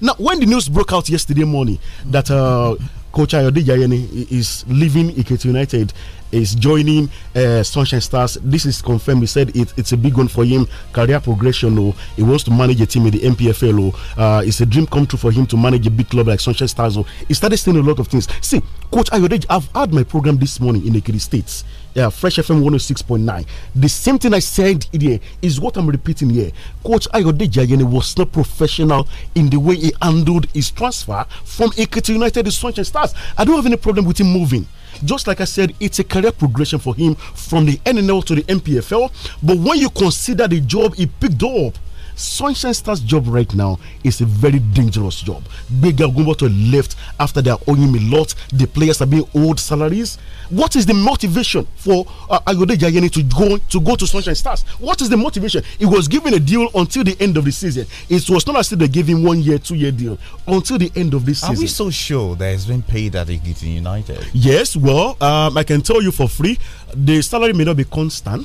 Now, when the news broke out yesterday morning that uh, Coach Ayode Jayeni is leaving Ikete United, is joining uh, Sunshine Stars. This is confirmed. He said it, it's a big one for him. Career progression. Oh, he wants to manage a team in the MPFL. Oh, uh, it's a dream come true for him to manage a big club like Sunshine Stars. Oh, he started saying a lot of things. See, Coach Ayodeji, I've had my program this morning in the Kiri States. Yeah, Fresh FM 106.9. The same thing I said here is what I'm repeating here. Coach Ayodeji Ayene was not professional in the way he handled his transfer from Ekiti United to Sunshine Stars. I don't have any problem with him moving. Just like I said, it's a career progression for him from the NNL to the MPFL. But when you consider the job he picked up Sunshine Stars job right now is a very dangerous job. Bega Gumboto left after they are owing me a lot. The players are being owed salaries. What is the motivation for uh, Ayode Jayeni to go to go to Sunshine Stars? What is the motivation? He was given a deal until the end of the season. It was not as if they gave him one year, two year deal until the end of this are season. Are we so sure that he's been paid at Egiton United? Yes. Well, um, I can tell you for free, the salary may not be constant.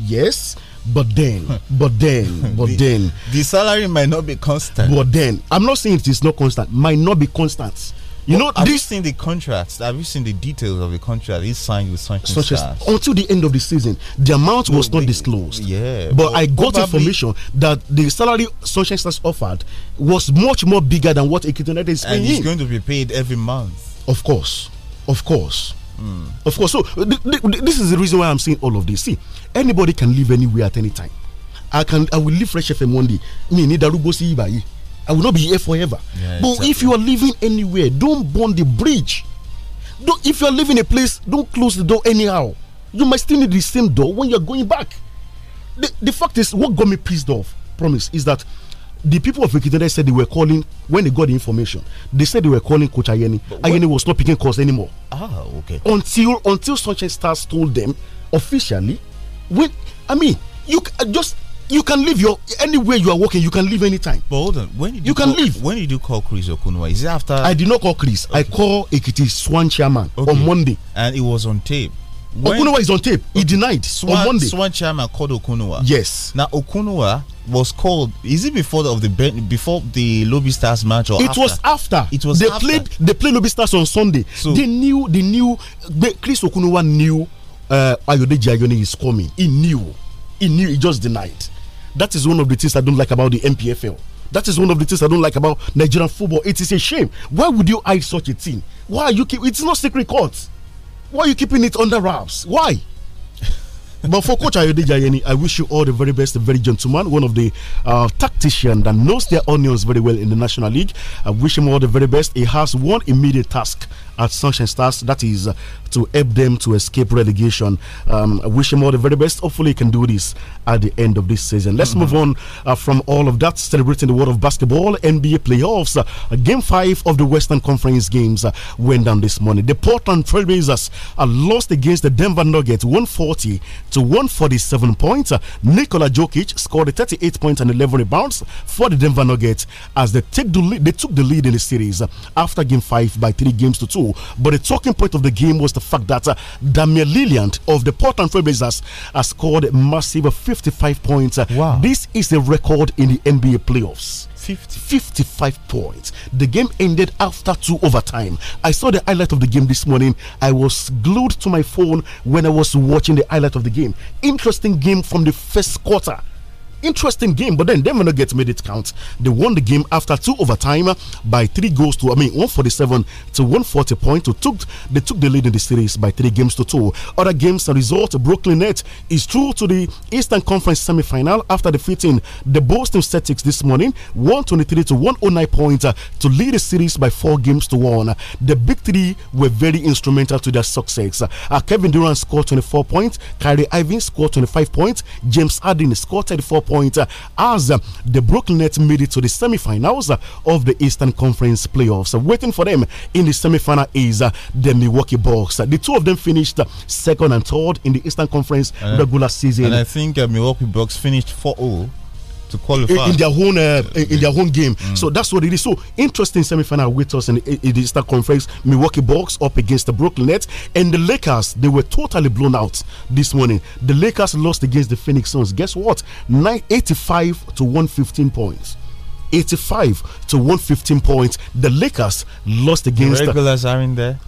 Yes but then, but then, but the, then. The salary might not be constant. But then, I'm not saying it is not constant, might not be constant. You well, know, have this, you seen the contracts? Have you seen the details of the contract he signed with such, such as until the end of the season? The amount was not disclosed. Yeah, but I got information that the salary Sunshine Stars offered was much more bigger than what a United is paying. And he's going to be paid every month. Of course, of course. Mm. Of course. So uh, th th this is the reason why I'm saying all of this. See, anybody can live anywhere at any time. I can I will leave Fresh FM one day. Me need Ibayi. I will not be here forever. Yeah, but exactly. if you are living anywhere, don't burn the bridge. Don't, if you are living a place, don't close the door anyhow. You might still need the same door when you are going back. The, the fact is, what got me pissed off, promise, is that the people of Ekitende said they were calling when they got the information. They said they were calling Coach Ayeni. Ayeni was not picking calls anymore. Ah, okay. Until until Sunshine Stars told them officially, when I mean you uh, just you can leave your anywhere you are working. You can leave anytime. But hold on, when you, you call, can leave. When did you call Chris Okunwa? Is it after? I did not call Chris. Okay. I call Ekiti Swan chairman okay. on Monday, and it was on tape. When is on tape. He denied Swan, on Monday. Swan chairman called Okunowa. Yes. Now Okunowa was called. Is it before the, of the before the Lobby Stars match or it after? was after? It was. They after. played. They played Lobby Stars on Sunday. So, they knew. They knew. Chris Okunowa knew. Uh, Ayodeji Ayoni is coming. He knew. He knew. He just denied. That is one of the things I don't like about the MPFL. That is one of the things I don't like about Nigerian football. It is a shame. Why would you hide such a thing? Why you keep? It's not secret court why are you keeping it under wraps? Why? but for Coach Ayode Jayeni, I wish you all the very best, a very gentleman, one of the uh, that knows their onions very well in the National League. I wish him all the very best. He has one immediate task, at Sunshine Stars. That is uh, to help them to escape relegation. Um, I wish him all the very best. Hopefully, he can do this at the end of this season. Let's mm -hmm. move on uh, from all of that, celebrating the world of basketball, NBA playoffs. Uh, game five of the Western Conference games uh, went down this morning. The Portland Trailblazers uh, lost against the Denver Nuggets 140 to 147 points. Uh, Nikola Jokic scored 38 points and 11 rebounds for the Denver Nuggets as they, take the lead, they took the lead in the series uh, after game five by three games to two. But the talking point of the game was the fact that uh, Damir Lilliant of the Portland Trailblazers has scored a massive 55 points. Uh, wow. This is a record in the NBA playoffs. 50. 55 points. The game ended after two overtime. I saw the highlight of the game this morning. I was glued to my phone when I was watching the highlight of the game. Interesting game from the first quarter interesting game, but then they may not get made it count. They won the game after two overtime by three goals to, I mean, 147 to 140 points. To took, they took the lead in the series by three games to two. Other games, the result, Brooklyn Nets is through to the Eastern Conference semifinal after defeating the Boston Celtics this morning, 123 to 109 points uh, to lead the series by four games to one. The big three were very instrumental to their success. Uh, Kevin Durant scored 24 points, Kyrie Irving scored 25 points, James Harden scored 34 points point uh, as uh, the Brooklyn Nets made it to the semifinals uh, of the Eastern Conference playoffs. Waiting for them in the semifinal is the Milwaukee Bucks. The two of them finished second and third in the Eastern Conference and regular season. And I think Milwaukee Bucks finished 4 0 to qualify in, their own uh, in their own game. Mm. So that's what it is. So interesting semifinal with us in the, in the Eastern Conference. Milwaukee Bucks up against the Brooklyn Nets and the Lakers. They were totally blown out this morning. The Lakers lost against the Phoenix Suns. Guess what? Nine eighty-five 85 to 115 points. 85 to 115 points. The Lakers lost against the regulars the, are in there.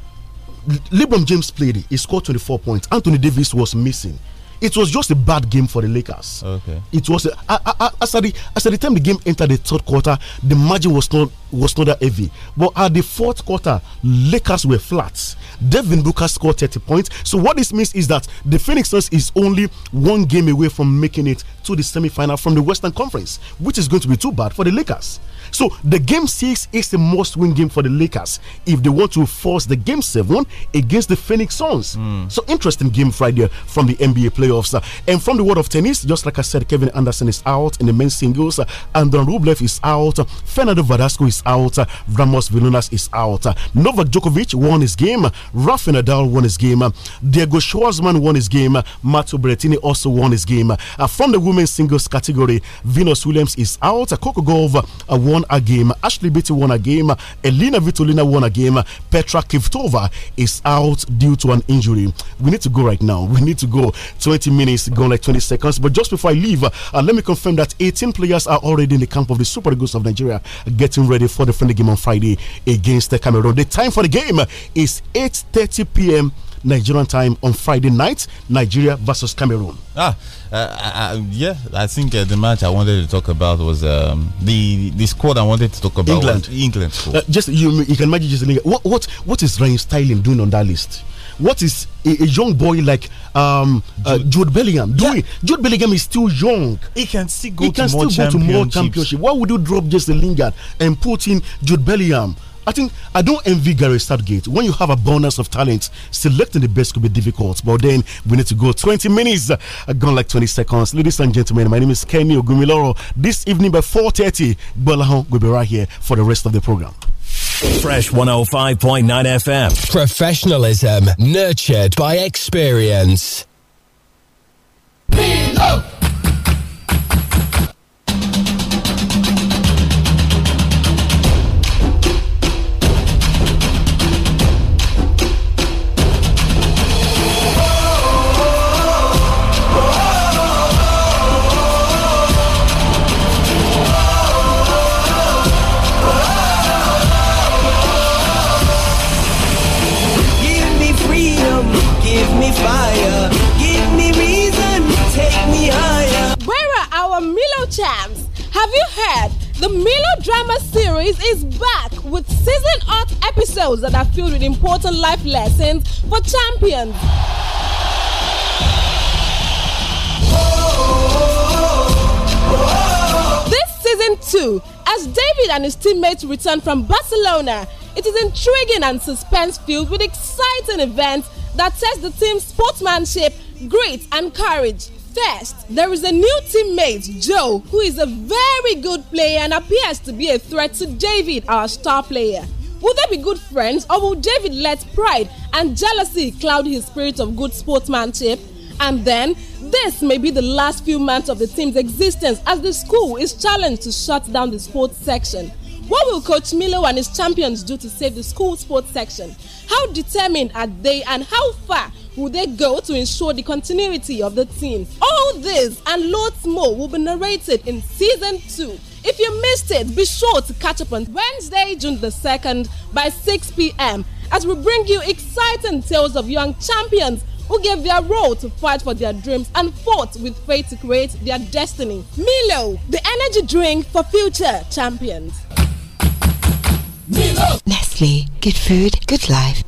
LeBron James played. He scored 24 points. Anthony Davis was missing. It was just a bad game for the Lakers. Okay. It was a, I. a, As the after the time the game entered the third quarter, the margin was not was not that heavy. But at the fourth quarter, Lakers were flat. Devin Booker scored 30 points. So what this means is that the Phoenix Suns is only one game away from making it to the semifinal from the Western Conference, which is going to be too bad for the Lakers. So the game six is the must-win game for the Lakers if they want to force the game seven against the Phoenix Suns. Mm. So interesting game Friday from the NBA playoffs. and from the world of tennis, just like I said, Kevin Anderson is out in the men's singles. Uh, Andron Rublev is out. Uh, Fernando Vadasco is out. Uh, Ramos Villanunas is out. Uh, Novak Djokovic won his game. Uh, Rafa Nadal won his game. Uh, Diego Schwartzman won his game. Uh, Matteo Berrettini also won his game. Uh, from the women's singles category, Venus Williams is out. Uh, Coco Golf won a game. Ashley Beatty won a game. Elena Vitolina won a game. Petra Kvitova is out due to an injury. We need to go right now. We need to go. 20 minutes gone, like 20 seconds. But just before I leave, uh, let me confirm that 18 players are already in the camp of the Super Eagles of Nigeria getting ready for the friendly game on Friday against Cameroon. The time for the game is 8.30 p.m. Nigerian time on Friday night, Nigeria versus Cameroon. Ah, uh, uh, uh, yeah, I think uh, the match I wanted to talk about was um, the the squad I wanted to talk about England. England squad. Uh, just you, you can imagine just what what what is Ryan Styling doing on that list? What is a, a young boy like um, uh, Jude, Jude, Bellingham doing? Yeah. Jude Bellingham is still young. He can still go, he to, more still go to more championship. Why would you drop Jesse Lingard and put in Jude Bellingham? I think I don't envy Gary Southgate. When you have a bonus of talent, selecting the best could be difficult. But then we need to go 20 minutes, uh, gone like 20 seconds. Ladies and gentlemen, my name is Kenny Ogumiloro. This evening by 4:30, Bolahon will be right here for the rest of the program. Fresh 105.9 FM. Professionalism nurtured by experience. Below. Have you heard? The Melodrama series is back with season arc episodes that are filled with important life lessons for champions. This season 2, as David and his teammates return from Barcelona, it is intriguing and suspense filled with exciting events that test the team's sportsmanship, grit, and courage. First, there is a new teammate, Joe, who is a very good player and appears to be a threat to David, our star player. Will they be good friends or will David let pride and jealousy cloud his spirit of good sportsmanship? And then, this may be the last few months of the team's existence as the school is challenged to shut down the sports section. What will Coach Milo and his champions do to save the school sports section? How determined are they and how far will they go to ensure the continuity of the team? All this and loads more will be narrated in season 2. If you missed it, be sure to catch up on Wednesday, June the 2nd by 6 p.m. as we bring you exciting tales of young champions who gave their role to fight for their dreams and fought with faith to create their destiny. Milo, the energy drink for future champions. Milo. Nestle, good food, good life.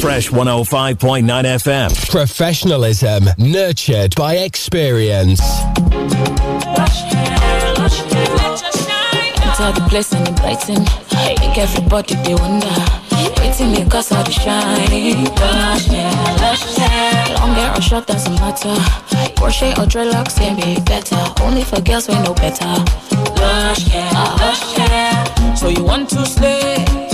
Fresh 105.9 FM. Professionalism nurtured by experience. It's all the blessing and blessing. Make everybody they wonder. Waiting me cause I'll be shining. Lush hair, lush hair. Long hair or short doesn't matter. Crochet or dreadlocks can be better. Only for girls we know better. Lush hair, lush hair. So you want to slay?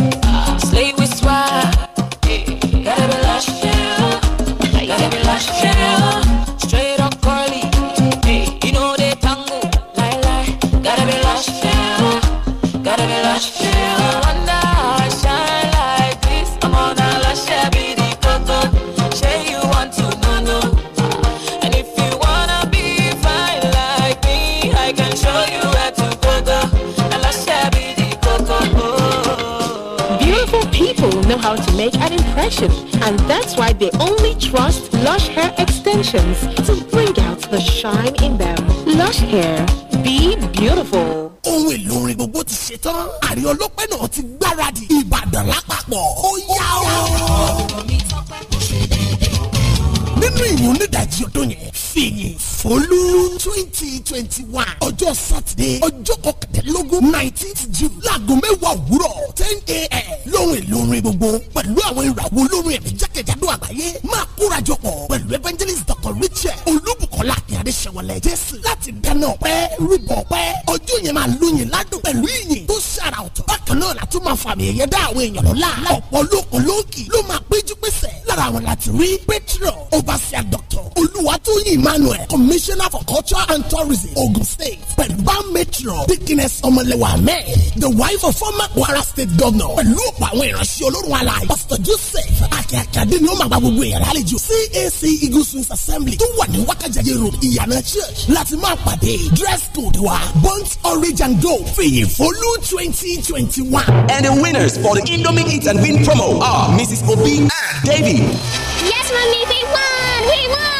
Gotta be lush. know how to make an impression. And that's why they only trust Lush Hair Extensions to bring out the shine in them. Lush Hair. Be beautiful. ohun èlò orin gbogbo ti ṣe tán àrí ọlọ́pẹ́ náà ti gbáradì Ìbàdàn lápapọ̀ ó yá o. nínú ìyún ọdún yẹn fìyìn fólú twenty twenty one ọjọ́ sátidé ọjọ́ kọkàndínlógún nineteenth june láago mẹ́wàá òwúrọ̀ ten a.m. lóhùn ìlórin gbogbo pẹ̀lú àwọn ìràwọ̀ olórin ẹ̀mí jákèjádò àgbáyé máa kórajọ pọ̀ pẹ̀lú evangelist dr richard olúbùkọ́lá akínyàdéṣẹ́wọlẹ̀ jésù láti dáná ọpẹ́ rúbọ ọpẹ́ ọjọ́ yẹn máa lóyin ládùn pẹ̀lú ìyìn tó ṣàrà ọ̀tọ̀ bákan náà la tún máa fàmì ẹ̀yẹ dá àwọn èèyàn lọ́la ọ̀pọ̀ lókun lókì ló máa péjú pèsè lára àwọn láti rí pétrọ̀ overseer doctor olúwatóyìn emmanuel commissioner for culture and tourism ogun state pẹ̀lú matron dickiness ọmọlẹ́wà the wife of former kwara state governor pẹ̀lú ọ̀pọ̀ àwọn ìránṣẹ́ olórun alaye pastor joseph akíakíadé ni ó máa gba gbogbo ìyàrá àlejò cac eagle swings assembly tó wà ní wákàjáde road ìyànà church láti máa pàdé dress code wa burnt orange and gold fìyìn fólú twenty twenty one. and the winners for the indomie eat and win promo are mrs obi and davy. yes mami we won we won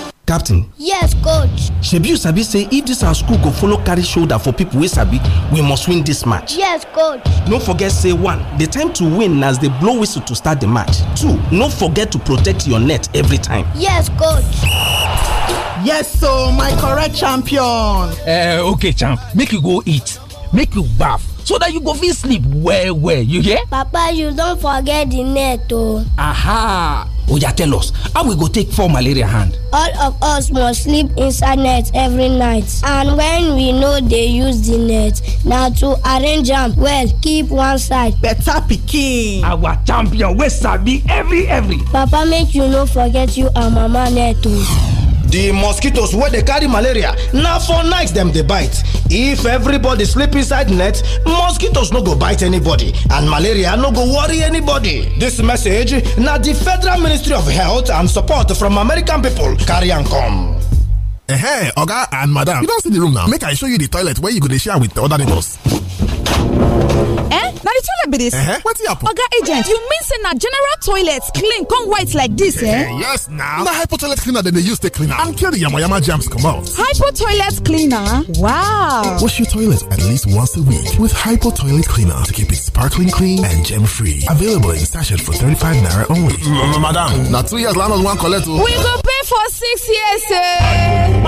captain yes coach shebi you sabi say if this our school go follow carry shoulder for people wey sabi we must win this match yes coach no forget say one the time to win na as they blow whistle to start the match two no forget to protect your net every time yes coach yes so my correct champion eh okay champ make you go eat make you baff so that you go fit sleep well well you hear papa you don forget the net o oh. aha oya oh, tell us how we go take fall malaria hand. all of us must sleep inside net every night and when we no dey use the net na to arrange am well keep one side. better pikin. our champion wey sabi every every. papa make you no forget you and mama net o. The mosquitoes wey dey carry malaria na for night dem dey bite if everybody sleep inside net mosquitoes no go bite anybody and malaria no go worry anybody dis message na di federal ministry of health and support from american pipo carry am come. eh oga and madam you don see the room now make i show you the toilet where you go dey share with the other neighbors eh now the toilet be dis eh uh-huh. wetin happen. oga agent you mean say na general toilets clean come white like this? Eh, eh yes na na hypo toilet cleaner than dey use take clean am and kill di yamayama germs comot hypo toilet cleaner wow wash your toilet at least once a week with hypo toilet cleaner to keep it sparkling clean and germ free available in sachet for 35 naira only madam now two years land wan one o oh. we go pay for six years eh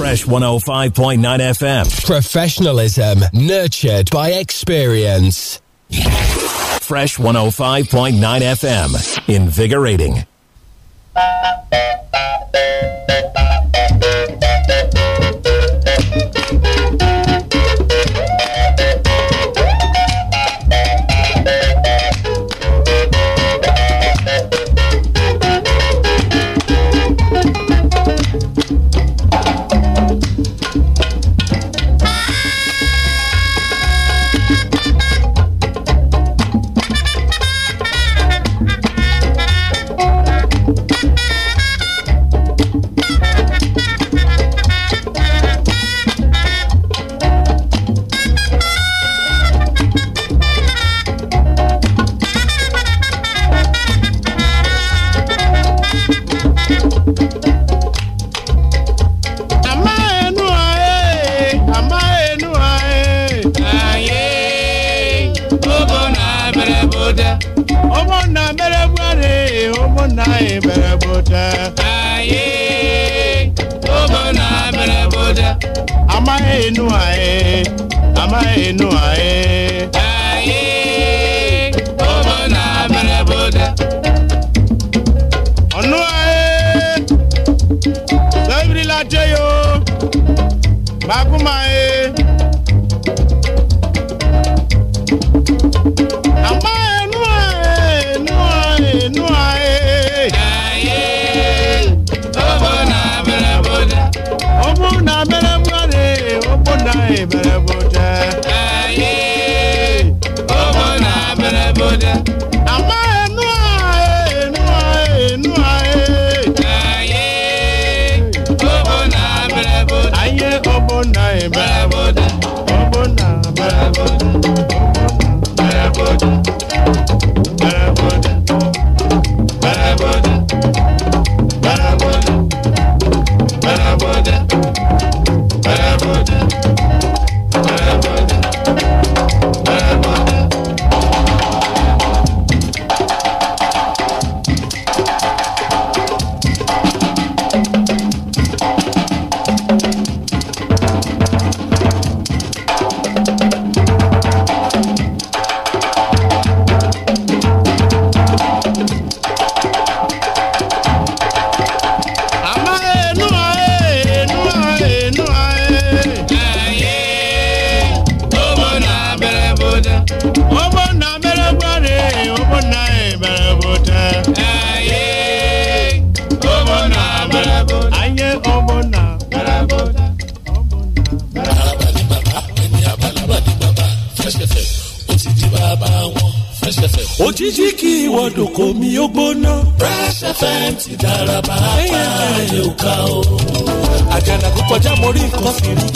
Fresh 105.9 FM. Professionalism nurtured by experience. Fresh 105.9 FM. Invigorating.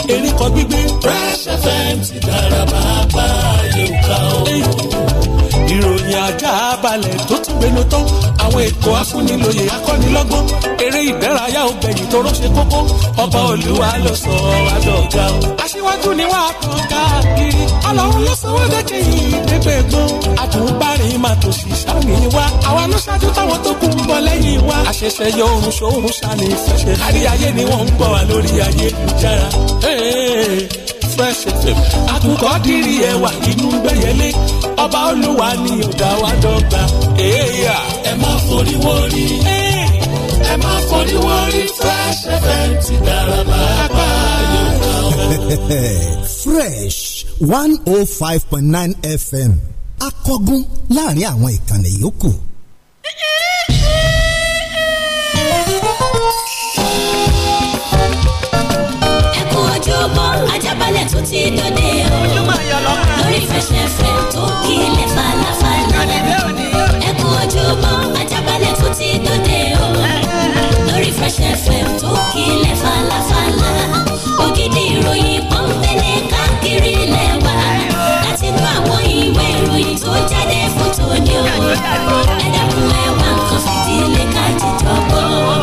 erékọ gbígbé. Fresh FM ti dára bàbá yóò ká o ìròyìn ajá balẹ̀ tó tún gbénu tán àwọn ètò afúnilòyè akọ́nilọ́gbọ́n eré ìdárayá obìnrin tó rọ́ṣẹ́ kókó ọba olúwa ló sọ adọ́gà o. aṣíwájú ni wàá kàn káàkiri ọlọ́run ló sọ wọ́n dẹ́kẹ́ yìí débẹ̀ gbọ́n àtúbárìn máa tò sí sáàmì wa àwa ló ṣáájú táwọn tó kù ń bọ̀ lẹ́yìn wa. àṣẹ̀ṣẹ̀ yọ oorun ṣòorun ṣàní ìfẹsẹ̀ kárí ni wọ́n ń gbọ́ wa lórí ayélujára fresh fm àkùkọ ẹwà inú gbẹyẹlé ọba olúwa ni ó wa dọ́gba. ẹ má forí wọrí ẹ má forí wọrí fresh fm ti dára pàápàá yóò kàn wọ́n. fresh one oh five point nine fm akọgun láàrin àwọn ìkànnì yòókù. ìròyìn tó ti dòde o lórí fẹsẹ̀fẹ̀ tó kílẹ̀ falafala ẹ kú ojúmọ́ ajábalẹ̀ tó ti dòde o lórí fẹsẹ̀fẹ̀ tó kílẹ̀ falafala ògidì ìròyìn pọ́npẹ́lẹ́ káàkiri ilẹ̀ wa láti inú àwọn ìwé ìròyìn tó jáde fún tòní o ẹ dẹ́kun nǹkan fìdílé ká jíjọ gbọ́.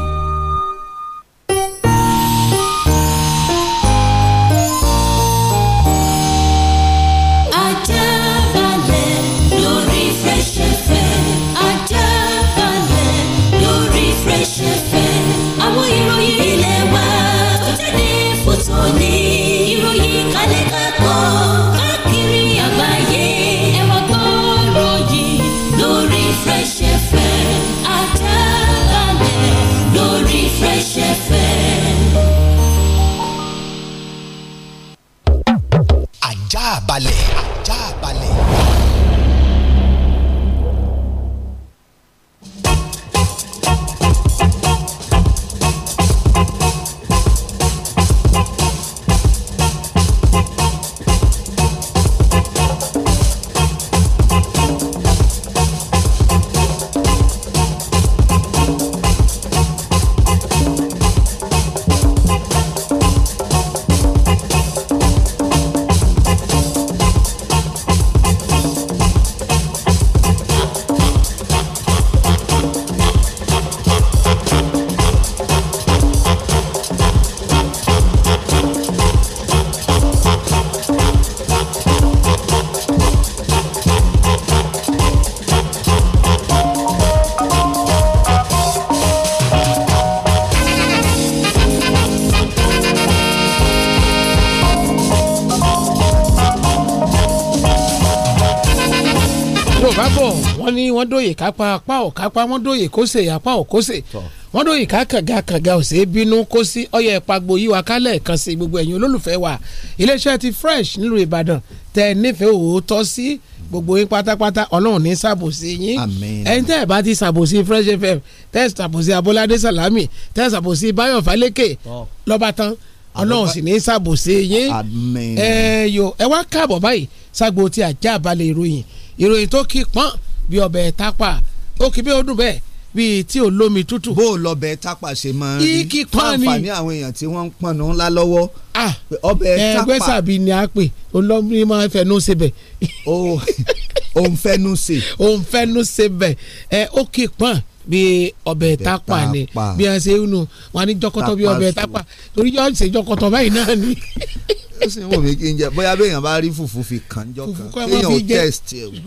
wọ́n dòye kápá apá ò kápá wọ́n dòye kóṣe apá ò kóṣe wọ́n dòye ká kànga kànga ò ṣe bínú kó sí ọyẹ ìpagbo yíwa kálẹ̀ kan sí gbogbo ẹ̀yin olólùfẹ́ wa iléeṣẹ́ ti fresh nílùú ìbàdàn tẹ nífẹ̀ẹ́ òótọ́ sí gbogbo yín pátápátá ọlọ́run ní ṣàbòsí yín ẹni tẹ́ ẹ̀ bá ti ṣàbòsí fresh fm tẹ́ ẹ̀ ṣàbòsí abolade salami tẹ́ ẹ̀ ṣàbòsí bayo faleke lọ́ba tán ọlọ́run sì ní ṣàbòsí yín ẹ yo ẹ wá káàbọ̀ báyìí ságbo ti àjàbalẹ̀ ìròyìn ìròyìn tó kí pọ́n bí ọbẹ̀ tápà ó kì í bí ó dùn bẹ́ẹ̀ bíi tí ò lómi tútù. bó o lọ bẹ tápà ṣe máa ń rí fáǹfààní àwọn èèyàn tí wọ́n ń pọnà ńlá lọ́wọ́. ọbẹ̀ tápà ẹgbẹ́ sàbí ni a pè olómi máa ń fẹnu ṣe bẹ̀. o ń fẹnu ṣe. o ń fẹnu ṣe bẹ̀ ẹ ó kì í pọ̀n bí ọbẹ̀ tápà ni bí a ṣe ń nu wọn ní jọkọtọ bí ọbẹ̀ tápà torí yóò ṣe jọkọtọ báyìí náà ni. ó sì ń wò mí kí n jẹ bóyá bẹ́ẹ̀ yẹn bá rí fùfú fi kàn jọ kan kéèyàn ó test ẹ̀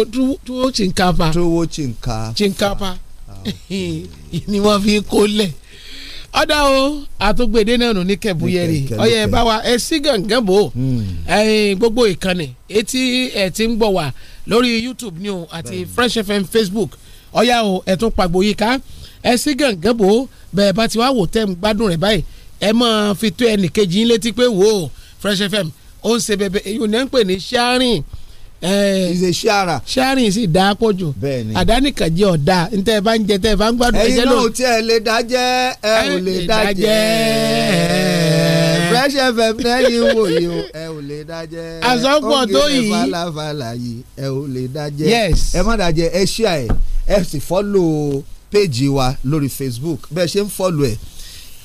o tuwo chinkapa tuwo chinkapa chinkapa ah, ni wọ́n fi kólẹ̀ ọ̀dà o àtúgbèdè náà nù ní kẹ̀bùyẹ̀rì ọ̀yẹ̀ ẹ̀ bá wa ẹ̀ sí gàngán bò hmm. gbogbo ìkànnì etí ẹ̀ ti ń gbọ̀ wá lórí YouTube ni o àti Fresh FM Facebook ọ̀yà o ẹ̀ tún pàgbò yìí ká ẹ̀ sí gàngán bò bẹ́ẹ̀ bá ti wá wò tẹ́ ń gbádùn rẹ̀ báyìí ẹ máa fi tó ẹnì kejì yín létí pé wò ó Fresh FM ó ń ṣe bẹbẹ èyí ò ní ń pè ní sharing ìṣe ṣáàrà ṣáàrì sì dá pọ̀ jù àdánìkànjẹ́ ọ̀dà ntẹ́ bá ń jẹ tẹ́ bá ń gbádùn ẹ̀jẹ̀ lò. ẹ̀yin náà tí ẹ lè dá jẹ́ ẹ ò lè dá jẹ́ Fresh FM lẹ́yìn wò yìí o ẹ ò lè dá jẹ́ àsọpọ̀ tó yìí ó kéré falafala yìí ẹ ò lè dá jẹ́ ẹ má dá jẹ́ ẹ ṣíà ẹ ẹ sì fọ́lò péjì wa lórí Facebook bẹ́ẹ̀ ṣe ń fọ́lò ẹ̀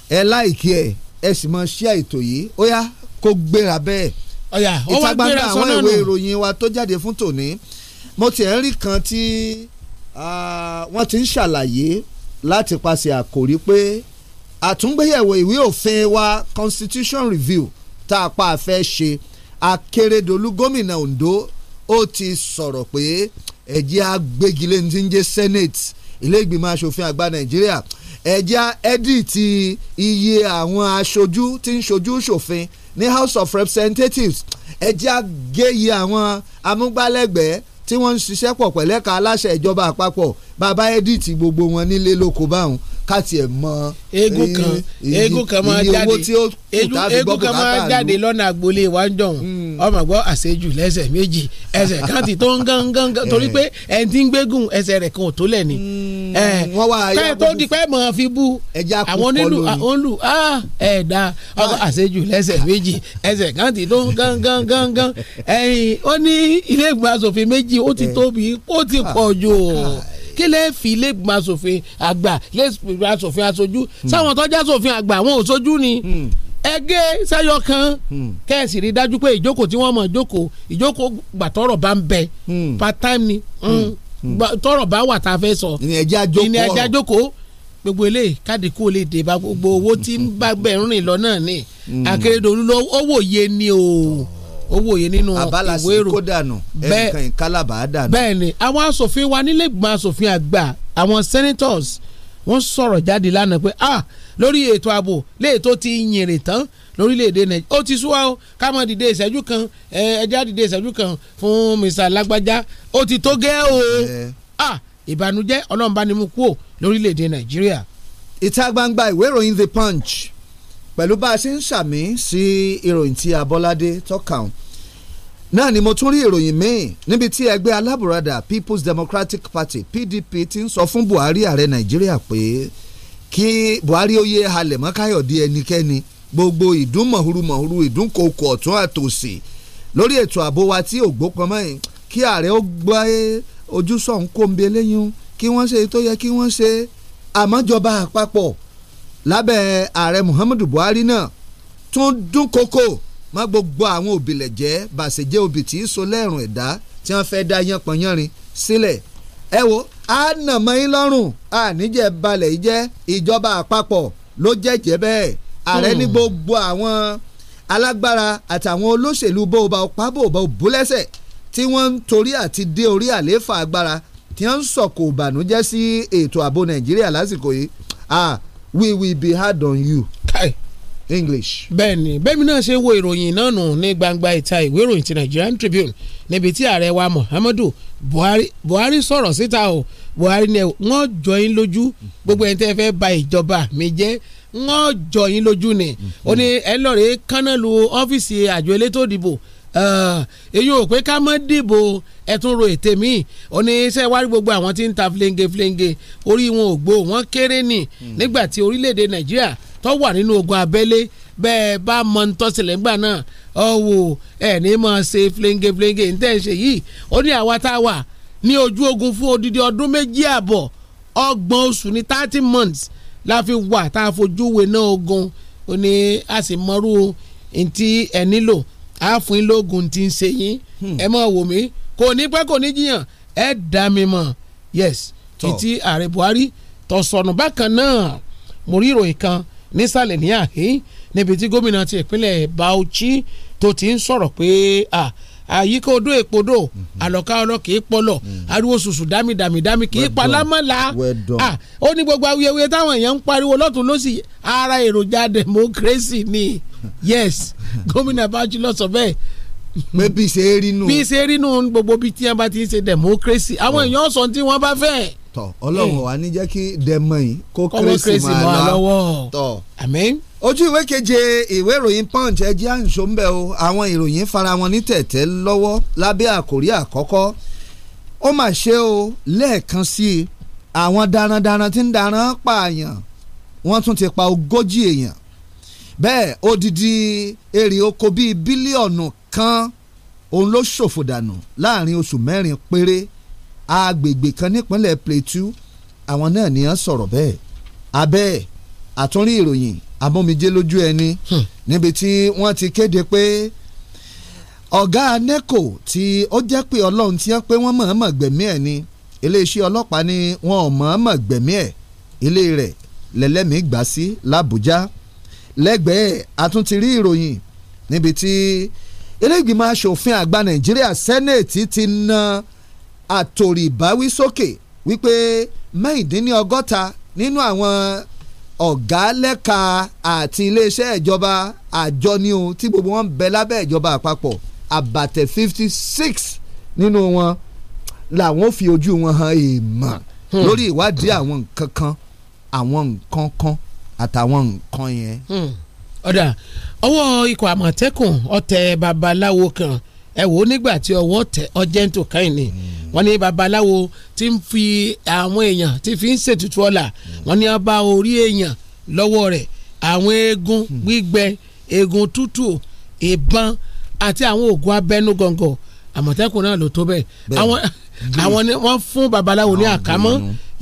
ẹ láìkí ẹ ẹ sì mọ ṣíà ètò yìí ó yá kó gbéra bẹ́ẹ̀ ìta gbangba àwọn ìwé ìròyìn wa tó jáde fún tòní mo tiẹ̀ ń rí kan tí wọ́n ti ń ṣàlàyé láti paṣẹ àkòrí pé àtúngbéyẹ̀wò ìwé òfin wa constitution review tá a pa àfẹ́ ṣe Akérédolú gómìnà Ondo ó ti sọ̀rọ̀ pé ẹ̀jẹ̀ agbégilé ti ń jẹ́ senate ilé ìgbìmọ̀ asòfin àgbà Nàìjíríà ẹ̀já ẹ́díìtì iye àwọn aṣojú tí ń ṣojú ṣòfin ní House of Representatives ẹ̀já géye àwọn amúgbálẹ́gbẹ̀ẹ́ tí wọ́n ń ṣiṣẹ́ pọ̀ pẹ̀lẹ́ka aláṣẹ ìjọba àpapọ̀ bàbá ẹ́díìtì gbogbo wọn nílé lóko báwọn káàtì ẹ̀ mọ. eégún eh, kan eégún kan máa jáde eégún kan máa jáde lọ́nà agboolé wa ń jọ̀hún hmm. ọmọ gbọ́ àṣejù lẹ́sẹ̀ méjì ẹsẹ̀ kan ti tó ń gán gán gán eh. torí pé ẹni tí ń gbégùn ẹsẹ̀ rẹ̀ kan ò tó lẹ̀ ni. Hmm. Eh. wọ́n wá ayé àkókò tó di pé mọ̀ fi bú àwọn onílù onílù ah, ẹ̀ẹ́dá ah. àṣejù lẹ́sẹ̀ méjì ẹsẹ̀ kan tó ń gán gán gán gán ẹ̀yìn ó ní ilé ìgbìmọ̀ kí lè fi ilé ìgbìmọ̀ asòfin àgbà ilé ìgbìmọ̀ asòfin aṣojú sáwọn tọ́jà asòfin àgbà àwọn òṣojú ni ẹgẹ sẹyọ kan kẹsì rí dájú pé ìjókòó tí wọ́n mọ̀ ìjókòó ìjókòó gbàtọrọ bá ń bẹ part time ni hmm. tọrọ bá wà tá a fẹ́ sọ ìní ẹjẹ àjókòó gbogbo eléyìí káàdì kú lè dé gbogbo owó tí ń bá bẹ̀ ń lọ náà ni hmm. Akérédolú ló wòye ni o. Oh ó wòye nínú ìwé ìrò bẹ́ẹ̀ ni àwọn asòfin wa nílé ìgbìmọ̀ asòfin àgbà àwọn senators wọ́n sọ̀rọ̀ jáde lánàá pé ah lórí ètò ààbò léètò ti yìnrìn tán lórílẹ̀‐èdè nàìjíríà ó ti súwá o ká má dìde ìṣẹ́jú kan ẹja dìde ìṣẹ́jú kan fún mr Lagbaja. ó ti tó gẹ́ o ah ìbànújẹ́ ọlọ́run bá ní mú kú o lórílẹ̀‐èdè nàìjíríà. ìta gbangba ìwé ìròyìn the punch pẹ̀lú bá a ṣe ń ṣàmì sí ìròyìn tí Abọ́ládé tọ́ka hàn náà ni mo tún rí ìròyìn míì níbi tí ẹgbẹ́ alábùradà People's Democratic Party PDP ti ń sọ fún Buhari ààrẹ Nàìjíríà pé kí Buhari ó yé halẹ̀ mọ́ Káyọ̀dé ẹnikẹ́ni gbogbo ìdúnmọ̀húrúmọ̀húrú ìdúnkòkò ọ̀tún àtòsí lórí ètò ààbò wa tí ògbó pamọ́ yìí kí ààrẹ ó gbọ́ ojú sọ̀hún kó ń bi eléyìí kí wọ́n ṣe tó yẹ kí wọ́n ṣe àmọ́jọba àpapọ̀ lábẹ́ ààrẹ Muhammadu Buhari náà tún dúnkokò mọ́ gbogbo àwọn òbílẹ̀ jẹ́ bàṣẹ́jẹ́ obì tí í so lẹ́rùn ẹ̀dá tí wọ́n fẹ́ dá yánpọnyánrin sílẹ̀ ẹ wo ànàmọ́ yín lọ́rùn àníjẹ́ balẹ̀ yìí jẹ́ ìjọba àpapọ̀ ló jẹ́jẹ́ bẹ́ẹ̀ ààrẹ ní hmm. gbogbo àwọn alágbára àtàwọn olóṣèlú bóòbá ọ̀pá bóòbá òbúlẹ́sẹ̀ tí wọ́n ń torí àti dé orí àlééfà agbára tí wọ́n ń sọ̀kò ìbànújẹ́ sí ètò ààbò Nàìjíríà lásìkò yìí we will be hard on you. kai english. bẹ́ẹ̀ni bẹẹmi náà ṣe wo ìròyìn náà nù ní gbangba ìta ìwé ìròyìn ti nigerian tribune níbi tí ààrẹ wa muhammadu buhari buhari sọ̀rọ̀ síta o buhari ni wọ́n jọ yín lójú gbogbo ẹni tẹ́ fẹ́ ba ìjọba mi jẹ́ wọ́n jọ yín lójú ni mm-hmm. ó ní ẹ lọ́ọ̀rẹ́ kánná lu ọ́fíìsì àjọ elétò ìdìbò Eh, èyí ò pé ká mọ́ dìbò ẹ̀tún ro ète míì ó ní iṣẹ́ wárí gbogbo àwọn tí ń ta flenge flenge orí wọn ò gbó wọn kéré ni. Hmm. nígbà tí orílẹ̀-èdè nàìjíríà tó wà nínú ogun abẹ́lé bẹ́ẹ̀ bá mọ ntọ́sílẹ̀ ńgbà náà ọ̀wọ̀ ẹ̀ ní mọ̀ ṣe flenge flenge ní tẹ́ ń ṣe yìí ó ní àwa tá a wà ní ojú ogun fún odidi ọdún méjì àbọ̀ ọgbọ̀n oṣù ní thirty months la fi wà tá a fojú wé náà ogun ó ní a sì mọ̀rú ntí ẹ̀ nílò àfin lógun ti ń ṣe yín hmm. ẹ mọ̀ wò mí kò ní pẹ́ kò ní jiyàn ẹ dá mi mọ̀ yes títí ààrẹ Buhari tọ̀sọ̀nù bákan náà mo rí ìròyìn kan nísàlẹ̀ ní àhín níbi tí gómìnà ti ìpínlẹ̀ Bauchi tó ti ń sọ̀rọ̀ pé ah àyíká odó èpodò mhm. àlọ́ká ọlọ́ í pọlọ̀ mhm. ariwo sùsù dámi dámi dámi kì í palámọ́lá ah, ó ní gbogbo awuyewuye táwọn èèyàn ń pariwo lọ́tún lọ́sì ara èròjà democracy ni yes gómìnà bájú ló bẹ́ẹ̀ pé bí ṣe rí nù. bí ṣe rí nù gbogbo bí tí wọn bá ti ń ṣe democracy àwọn èèyàn sọ tí wọn bá fẹ́. tọ Ọlọ́run eh. wa ní jẹ́ kí dẹmọ yìí kó kérésì máa lọ tọ àmín ojú ìwé keje ìwé ìròyìn punch ẹ jẹ́ àǹṣó ń o àwọn ìròyìn fara wọn ní tẹ̀tẹ̀ lọ́wọ́ lábẹ́ àkòrí àkọ́kọ́ ó mà ṣe o lẹ́ẹ̀kan sí i àwọn darandaran tí ń daran pààyàn wọ́n tún ti pa ogójì èèyàn bẹ́ẹ̀ odidi èrè oko bíi bílíọ̀nù kan òun ló ṣòfò dànù láàrin oṣù mẹ́rin péré agbègbè kan nípínlẹ̀ Plateau àwọn náà ní í sọ̀rọ̀ bẹ́ẹ̀ abẹ́ẹ̀ àtúnrí ìròyìn amómijé lójú ẹni hmm. níbi tí wọ́n ti kéde pé ọ̀gá neco tí ó jẹ́ pé ọlọ́run ti yàn pé wọ́n mọ̀ọ́mọ̀ gbẹ̀mí ẹ̀ ni iléeṣẹ́ ọlọ́pàá ni wọ́n ò mọ̀ọ́mọ̀ gbẹ̀mí ẹ̀ ilé rẹ̀ lẹ́lẹ́mìí gbà sí làbújá lẹ́gbẹ̀ẹ́ àtúntì rí ìròyìn níbi tí iléègbìmọ̀ asòfin àgbà nàìjíríà sẹ́nẹ̀tì ti na àtòrìbáwí sókè wípé mẹ́rìndínlọ́gọ́ta nínú àwọn ọ̀gá lẹ́ka àti iléeṣẹ́ ìjọba àjọni o tí gbogbo wọn ń bẹ lábẹ́ ìjọba àpapọ̀ àbàtẹ̀ fifty six nínú wọn làwọn fi ojú wọn hàn èèmọ̀ hmm. lórí ìwádìí àwọn nǹkan kan àwọn nǹkan kan àtàwọn nǹkan yẹn. Hmm. ọ̀dà ọwọ́ ikọ̀ àmọ̀tẹ́kùn ọ̀tẹ̀ babaláwo kan. Hmm ẹ wò ó nígbà tí ọwọ́ tẹ ọjẹ́ntò káyìn ni mm. wọ́n ní babaláwo ti ń fi àwọn èèyàn ti fi ń ṣètùtù ọ̀la mm. wọ́n ní ọba orí èèyàn lọ́wọ́ rẹ̀ àwọn eegun mm. gbígbẹ eegun tútù ìbọn àti àwọn oògùn abẹ́nú gọ̀ǹgọ̀ àmọ̀tẹ́kùn náà ló tó bẹ́ẹ̀ àwọn ni wọ́n fún babaláwo ní àkámọ́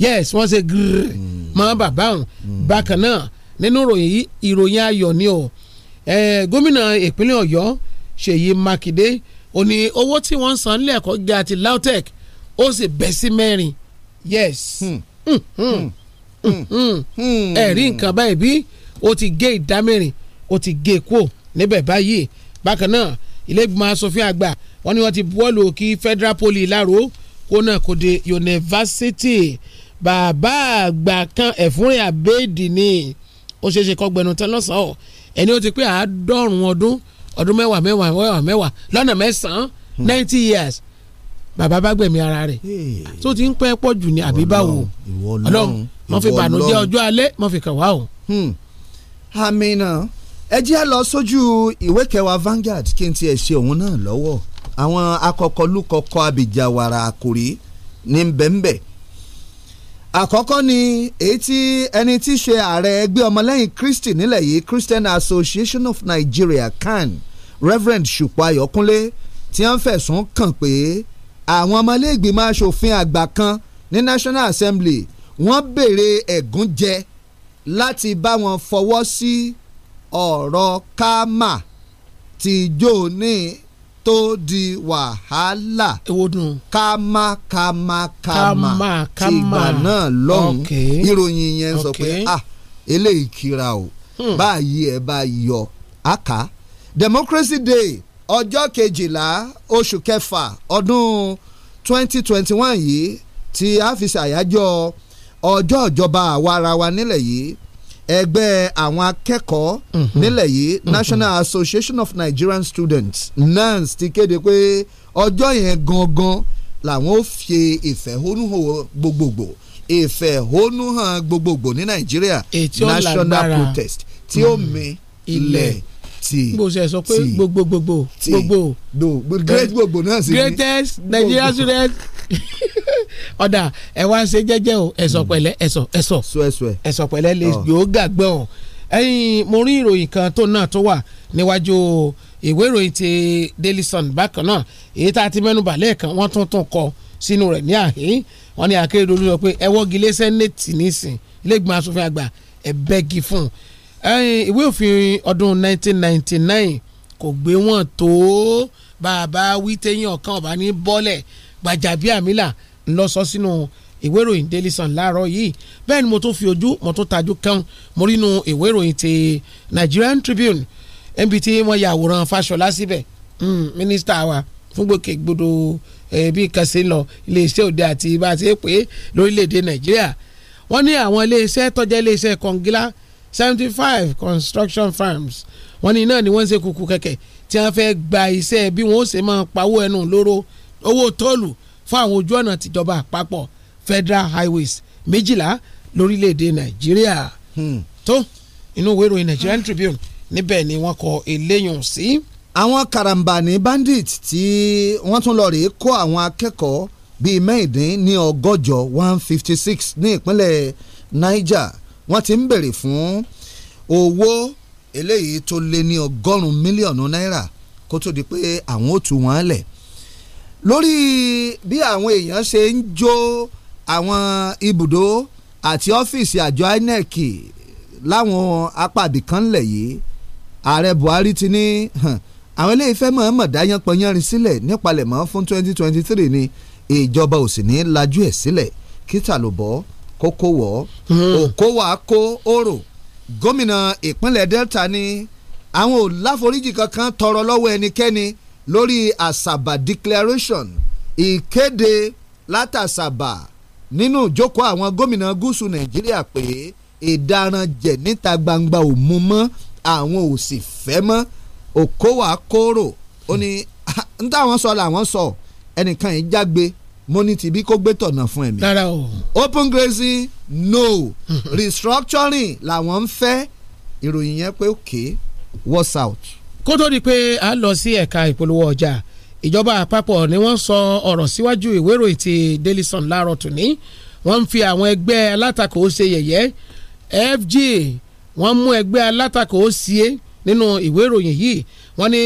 yes wọ́n ṣe gírì mọ́ bàbá òun bákan náà nínú ìròyìn yìí ìròyìn ayọ̀ ni o gómìnà ìpínlẹ̀ ọ̀yọ́ ṣèyí mákindé ó ní owó tí wọ́n ń san nílé ẹ̀kọ́ gíga àti LAUTECH ó sì bẹ́ sí mẹ́rin yes hmm. Hmm. Hmm. ẹ̀rí nǹkan báyìí bí ó ti gé ìdá mẹ́rin ó ti gé e kúrò níbẹ̀ báyìí bákan náà ilé ìgbìmọ̀ asòfin àgbà wọ́n ní wọ́n ti buwọ́lù kí Federal Poly Ìláró kó náà kó de yunifásitì bàbá àgbà kan ẹ̀fúnrin àbẹ́ẹ̀dì ni ó ṣeé ṣe kọ́ gbẹnu tán lọ́sàn-án ẹni ó ti pé àádọ́rùn-ún ọdún ọdún mẹ́wàá mẹ́wàá mẹ́wàá mẹ́wàá lọ́nà mẹ́sàn-án hmm. ninety years bàbá bá gbẹ̀mí ara rẹ̀ tó ti ń pẹ́ pọ̀ jù ní àbí báwo ọlọ́run mo fi bànújẹ́ ọjọ́ alẹ́ mo fi kàn wá o. Hmm. amina ẹ jẹ́ lọ sójú ìwé kẹwàá Vanguard kí n tiẹ̀ ṣe òun náà lọ́wọ́ àwọn akọkọlùkọkọ abìjàwàrà àkòrí ní bẹ́ńbẹ́ àkọ́kọ́ ni èyí tí ẹni tí í ṣe ààrẹ ẹgbẹ́ ọmọlẹ́yìn Kristi nílẹ̀ yìí Christian Association of Nigeria CAN Reverend Ṣùpọ̀ Ayọ̀kúnlé ti wọ́n fẹ̀sùn kàn pé àwọn ọmọlẹ́gbìmọ̀ aṣòfin àgbà kan ní National Assembly wọ́n béèrè ẹ̀gúnjẹ láti bá wọn fọwọ́ sí ọ̀rọ̀ kámà tìjọ́ ní tó di wàhálà kàmàkàmàkàmà ti ìgbà náà lọ́hùn ìròyìn yẹn sọ pé ah eléyìí kira o hmm. báyìí ẹ bá yọ àká democracy day ọjọ́ kejìlá oṣù kẹfà ọdún twenty twenty one yìí tí a fi ṣàyájọ́ ọjọ́ ìjọba àwa nílẹ̀ yìí ẹgbẹ́ àwọn akẹ́kọ̀ọ́ mhm. nílẹ̀ yìí mhm. National Association of Nigerian Students NANS ti kéde pé ọjọ́ yẹn gangan làwọn ó fi ìfẹ̀hónúhàn gbogbogbò ìfẹ̀hónúhàn gbogbogbò ní Nàìjíríà national protest tí ó mhm. mi ilẹ̀. Mm tí bó ṣe sọ pé gbogbo gbogbo gbogbo do great gbogbo náà sì ni greatest Nigeria student ọ̀dà ẹ̀ wá ṣe jẹ́jẹ́ o ẹ̀sọ̀ hmm. pẹ̀lẹ́ ẹ̀sọ̀ ẹ̀sọ̀ ẹ̀sọ̀ pẹ̀lẹ́ lè oh. yóò gàgbẹ́ o ẹ̀yin mo rí ìròyìn kan tó náà tó wà níwájú ìwé ìròyìn ti Daily Sun bákan náà èyí tá a ti mẹ́nu bà lẹ́ẹ̀kan wọ́n tún tún kọ sínú rẹ̀ ní àhín wọ́n ní Akérédolú sọ pé ẹ wọ́gi lé sẹ́nẹ̀tì nísìn ilé asòfin àgbà ẹ̀ bẹ́gi fún un ìwé òfin ọdún 1999 kò gbé wọn tó bàbá wí téyàn ọ̀kan ọ̀bá ní bọ́lẹ̀ Gbajabiamila ńlọsọ sínú ìwé ìròyìn Daily Sun láàárọ̀ yìí bẹ́ẹ̀ ni mo tún fi ojú mo tún tajú kan mo rí inú ìwé ìròyìn ti Nigerian Tribune níbi tí wọ́n ya àwòrán Fáṣọlá síbẹ̀ hmm, mínísítà wa fúngbòkègbodò bí kàṣe lọ iléeṣẹ́ òde àti bá a ti pè é lórílẹ̀‐èdè Nàìjíríà wọ́n ní àwọn iléeṣẹ́ tó jẹ́ iléeṣẹ́ kọ̀ǹgílá seventy five construction firms wọ́n ní náà ni wọ́n ń ṣe kúkú kẹ̀kẹ́ tí wọ́n fẹ́ gba iṣẹ́ bí wọ́n ó ṣe máa pawó ẹnu lóró owó tóòlù fún àwọn ojú ọ̀nà tìjọba àpapọ̀ federal highways méjìlá lórílẹ̀‐èdè nàìjíríà hmm. tó inú ìwé Nigerian Tribune níbẹ̀ ni wọ́n kọ eléyùn sí. àwọn karambani bandit tí wọ́n tún lọ rèé kó àwọn akẹ́kọ̀ọ́ bíi mẹ́ẹ̀ẹ́dín ní ọgọ́jọ one fifty six ní ìpínlẹ̀ Niger wọ́n ti ń béèrè fún owó eléyìí tó lé ní ọgọ́rùn-ún mílíọ̀nù náírà kó tó di pé àwọn ò tú wọn lẹ̀ lórí bí àwọn èèyàn ṣe ń jó àwọn ibùdó àti ọ́fíìsì àjọ INEC láwọn apàbí kan lẹ̀ yìí ààrẹ Buhari ti ní àwọn eléyìí fẹ́ mọ̀ọ́mọ̀ dáyán pọnyánrin sílẹ̀ nípalẹ̀mọ́ fún 2023 ni ìjọba ò sì ní lajú ẹ̀ sílẹ̀ kí tà ló bọ́ ọ́ kó kó wọ̀ ọ́ hmm. òkówà kó òrò gómìnà ìpínlẹ̀ Delta ni àwọn ò láforíjì kankan tọrọ lọ́wọ́ ẹnikẹ́ni lórí àṣàbà declaration ìkéde látàṣàbà nínú ìjókòó àwọn gómìnà gúúsù Nàìjíríà pé ìdaràn jẹ níta gbangba ò mú mọ́ àwọn ò sì fẹ́ mọ́ òkówà kóró ó ní n sọ làwọn sọ ẹnìkan yìí jágbe mo ní tìbí kó gbé tọ̀nà fún ẹ̀mí. rárá o. open grazing no restructuring làwọn ń fẹ́ ìròyìn yẹn pé okay what's out. kó tó di pé a lọ sí ẹ̀ka ìpolówó ọjà ìjọba àpapọ̀ ni wọ́n sọ ọ̀rọ̀ síwájú ìwé ìròyìn ti Daily Sun láàárọ̀ tòní wọ́n ń fi àwọn ẹgbẹ́ alátakò ṣe yẹ̀yẹ́ FG wọ́n mú ẹgbẹ́ alátakò ṣe é nínú ìwé ìròyìn yìí wọ́n ní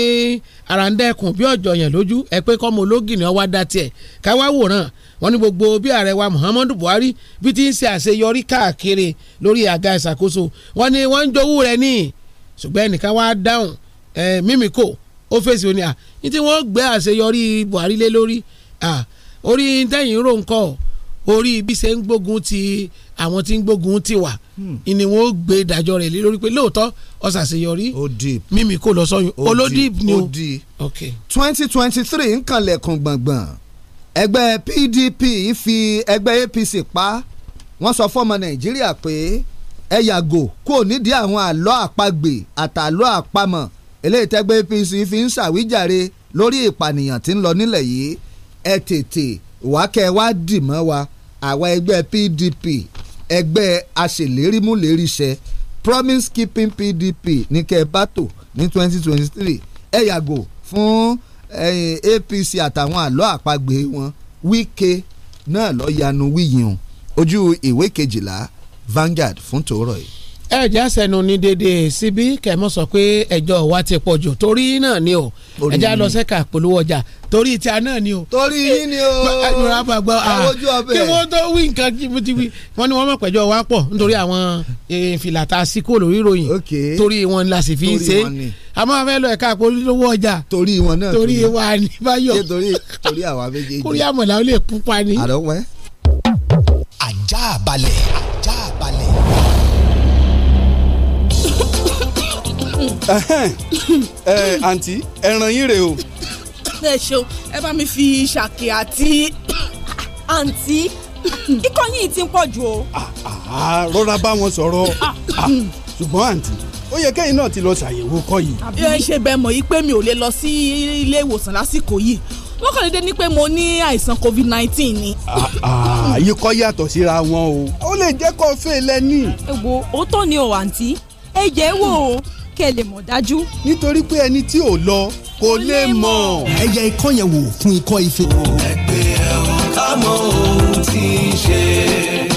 àràǹdẹ̀kùn bí ọ̀jọ̀ yẹn lójú ẹ pé kọ́mọ ológìnì ọwá dá tiẹ̀ káwá wòran wọ́n ní gbogbo bí ààrẹ wa Muhammadu Buhari bí ti ń ṣe àṣeyọrí káàkiri lórí àga ìṣàkóso wọ́n ní wọ́n ń jowú rẹ̀ ní ṣùgbọ́n ẹnìkan wá dáhùn mímíkò ó fèsì òní à ní tí wọ́n gbé àṣeyọrí Buhari lé lórí à orí tẹ̀yìn rò orí bí ṣe ń gbógun ti àwọn tí ń gbógun ti wà Hmm. ni wọn ó gbé ìdájọ́ rẹ̀ lé lórí pé lóòótọ́ ọ̀sàṣeyọrí mímí kò lọ sọ́yún olódìp ni o. twenty twenty three nkànlẹ̀kùn gbọ̀ngbọ̀n ẹgbẹ́ PDP fi ẹgbẹ́ APC pa wọ́n sọ fọ́mọ Nàìjíríà pé ẹ yàgò kò nídìí àwọn àlọ́ àpagbè àtàlọ́ àpamọ̀ eléyìí tẹ́gbẹ́ APC fi ń ṣàwíjàre lórí ìpànìyàn tí ń lọ nílẹ̀ yìí ẹ tètè wákẹ́ wá dì mọ́ wa àwa ẹgbẹ́ PDP ẹgbẹ́ aṣèlérímúléríṣẹ́ promise keeping PDP ní kẹ́ẹ̀bátò ní twenty twenty three ẹ yàgò fún APC àtàwọn àlọ́ àpagbè wọn Wike náà lọ́ọ́ yanu wíyìn ojú ìwé kejìlá Vanguard fún tòórọ̀ yìí ẹ jẹ́ àṣẹnu ní dédé síbí kẹ́mọ́ sọ pé ẹjọ́ wa ti pọ̀ jù torí náà ni o ẹ jẹ́ sẹ́ka polówó ọjà torí tí náà ni o. torí yín ni o àwòjú ọbẹ̀ kí wọ́n tó wí nǹkan jìbìtìbì wọ́n ní wọ́n mọ̀ pẹ̀jọ́ wa pọ̀ nítorí àwọn fìlà tá sí kó lórí ìròyìn torí wọn la sì fi ń ṣe a máa fẹ́ lọ ẹ̀ka polówó ọjà torí wọn náà torí wa ní báyọ̀ torí àwa méjèèjì kórí àmọ̀lá àǹtí ẹran yín rèé o. ẹ ṣeun ẹ bá mi fi ṣàkè àti àǹtí ikọ́ yìí ti ń pọ̀ jù o. rọra bá wọn sọ̀rọ̀ ṣùgbọ́n àǹtí ó yẹ kẹ́yìn náà ti lọ ṣàyẹ̀wò kọ́ yìí. àbí ẹ ṣe bẹ́ẹ̀ mọ̀ yìí pé mi ò lè lọ sí ilé ìwòsàn lásìkò yìí wọ́n kàn dédé ní pé mo ní àìsàn covid nineteen ni. àyè kọ́ yàtọ̀ síra wọn o ó lè jẹ́ kó fèlè ní. ẹ wo òótọ́ ni o àǹtí ẹ jẹ́ wò ó kẹ́ lè mọ̀ dájú. nítorí pé ẹni tí ò lọ kò lè mọ̀. ẹ ikọ́ yẹn wò fún ikọ́ ife. ẹgbẹ́ ẹ̀hún mọ ohun tí ń ṣe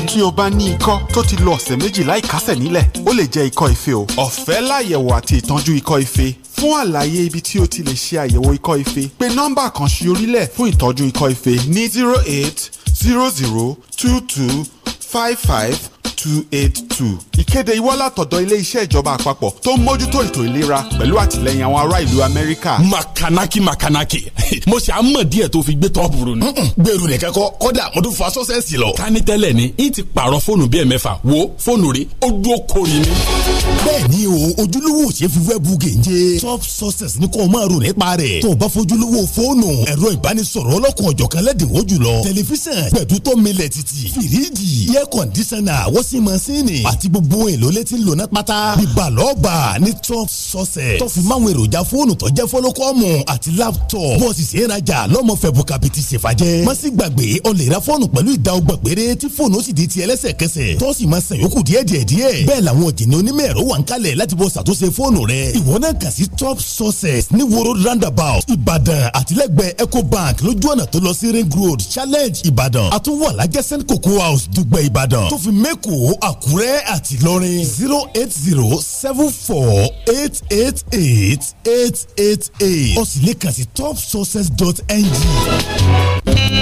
tí o bá ní ikọ́ tó ti lo ọ̀sẹ̀ méjì láìkásẹ̀ nílẹ̀ ó lè jẹ́ ikọ́ ife o. ọ̀fẹ́ láyẹ̀wò àti ìtọ́jú ikọ́ ife. fún àlàyé ibi tí o ti lè ṣe àyẹ̀wò ikọ́ ife pé nọ́mbà kan sí orílẹ̀ fún ìtọ́jú ikọ́ ife ní zero eight zero zero two two five five two eight two. ìkéde ìwá látọ̀dọ̀ ilé-iṣẹ́ ìjọba àpapọ̀ tó ń mójútó ètò ìlera pẹ̀lú àtìlẹyìn àwọn ará ìlú amẹ́ríkà. makanaki makanaki mo ṣe àmọ̀ díẹ̀ tó fi gbé tọ́pùrù ni. gbèrú nìkan kọ kọ́dà mo tún fa sọ́sẹ́sì lọ. ká ní tẹ́lẹ̀ ni n ti pààrọ̀ fóònù bíi ẹ̀mẹ́fà wo fóònù rí ojú ó kórìí ni. bẹ́ẹ̀ni o ojúlówó ṣe fi wẹ́ẹ̀bù gèje. top success ni kò máa rò nípa rẹ̀. tó o bá fojúlówó fóònù ẹ̀rọ ìbánisọ̀rọ̀ ọlọ́kùn ọ̀jọ̀kan lẹ́dínwó jùlọ tẹlifíṣàn pẹ̀tù tó milẹ̀ títì fìríjì air conditioner wọ́s wáṣí masínì àti gbogbo èlò létí lò náà pátá ìbàlọ́ọ̀bà ní top success tó fi máwọn èròjà fóònù tó jẹ́ fọ́lọ́kọ́mù àti laptop bọ́ọ̀sì sí ìrajà lọ́mọ fẹ́ bukabiti ṣèfàjẹ́ má sì gbàgbé ọ lè ra fóònù pẹ̀lú ìdá ọgbà péré tí fóònù ó sì di tiẹ̀ lẹ́sẹ̀kẹsẹ̀ tó sì máa san yòókù díẹ̀díẹ̀ díẹ̀ bẹ́ẹ̀ làwọn òjìní onímọ̀ ẹ̀rọ wà ń kalẹ̀ top success ní woro roundabout ìbàdàn àtìlẹ́gbẹ̀ẹ́ ecobank lójú ọ̀nà tó lọ sí ring road challenge ìbàdàn àtúwọ̀ alájẹsẹ́ cocoa house dùgbẹ̀ ìbàdàn tó fi mẹ́kọ̀ọ́ àkúrẹ́ àti ìlọrin zero eight zero seven four eight eight eight eight eight eight ó sì lè sí topsources.ng.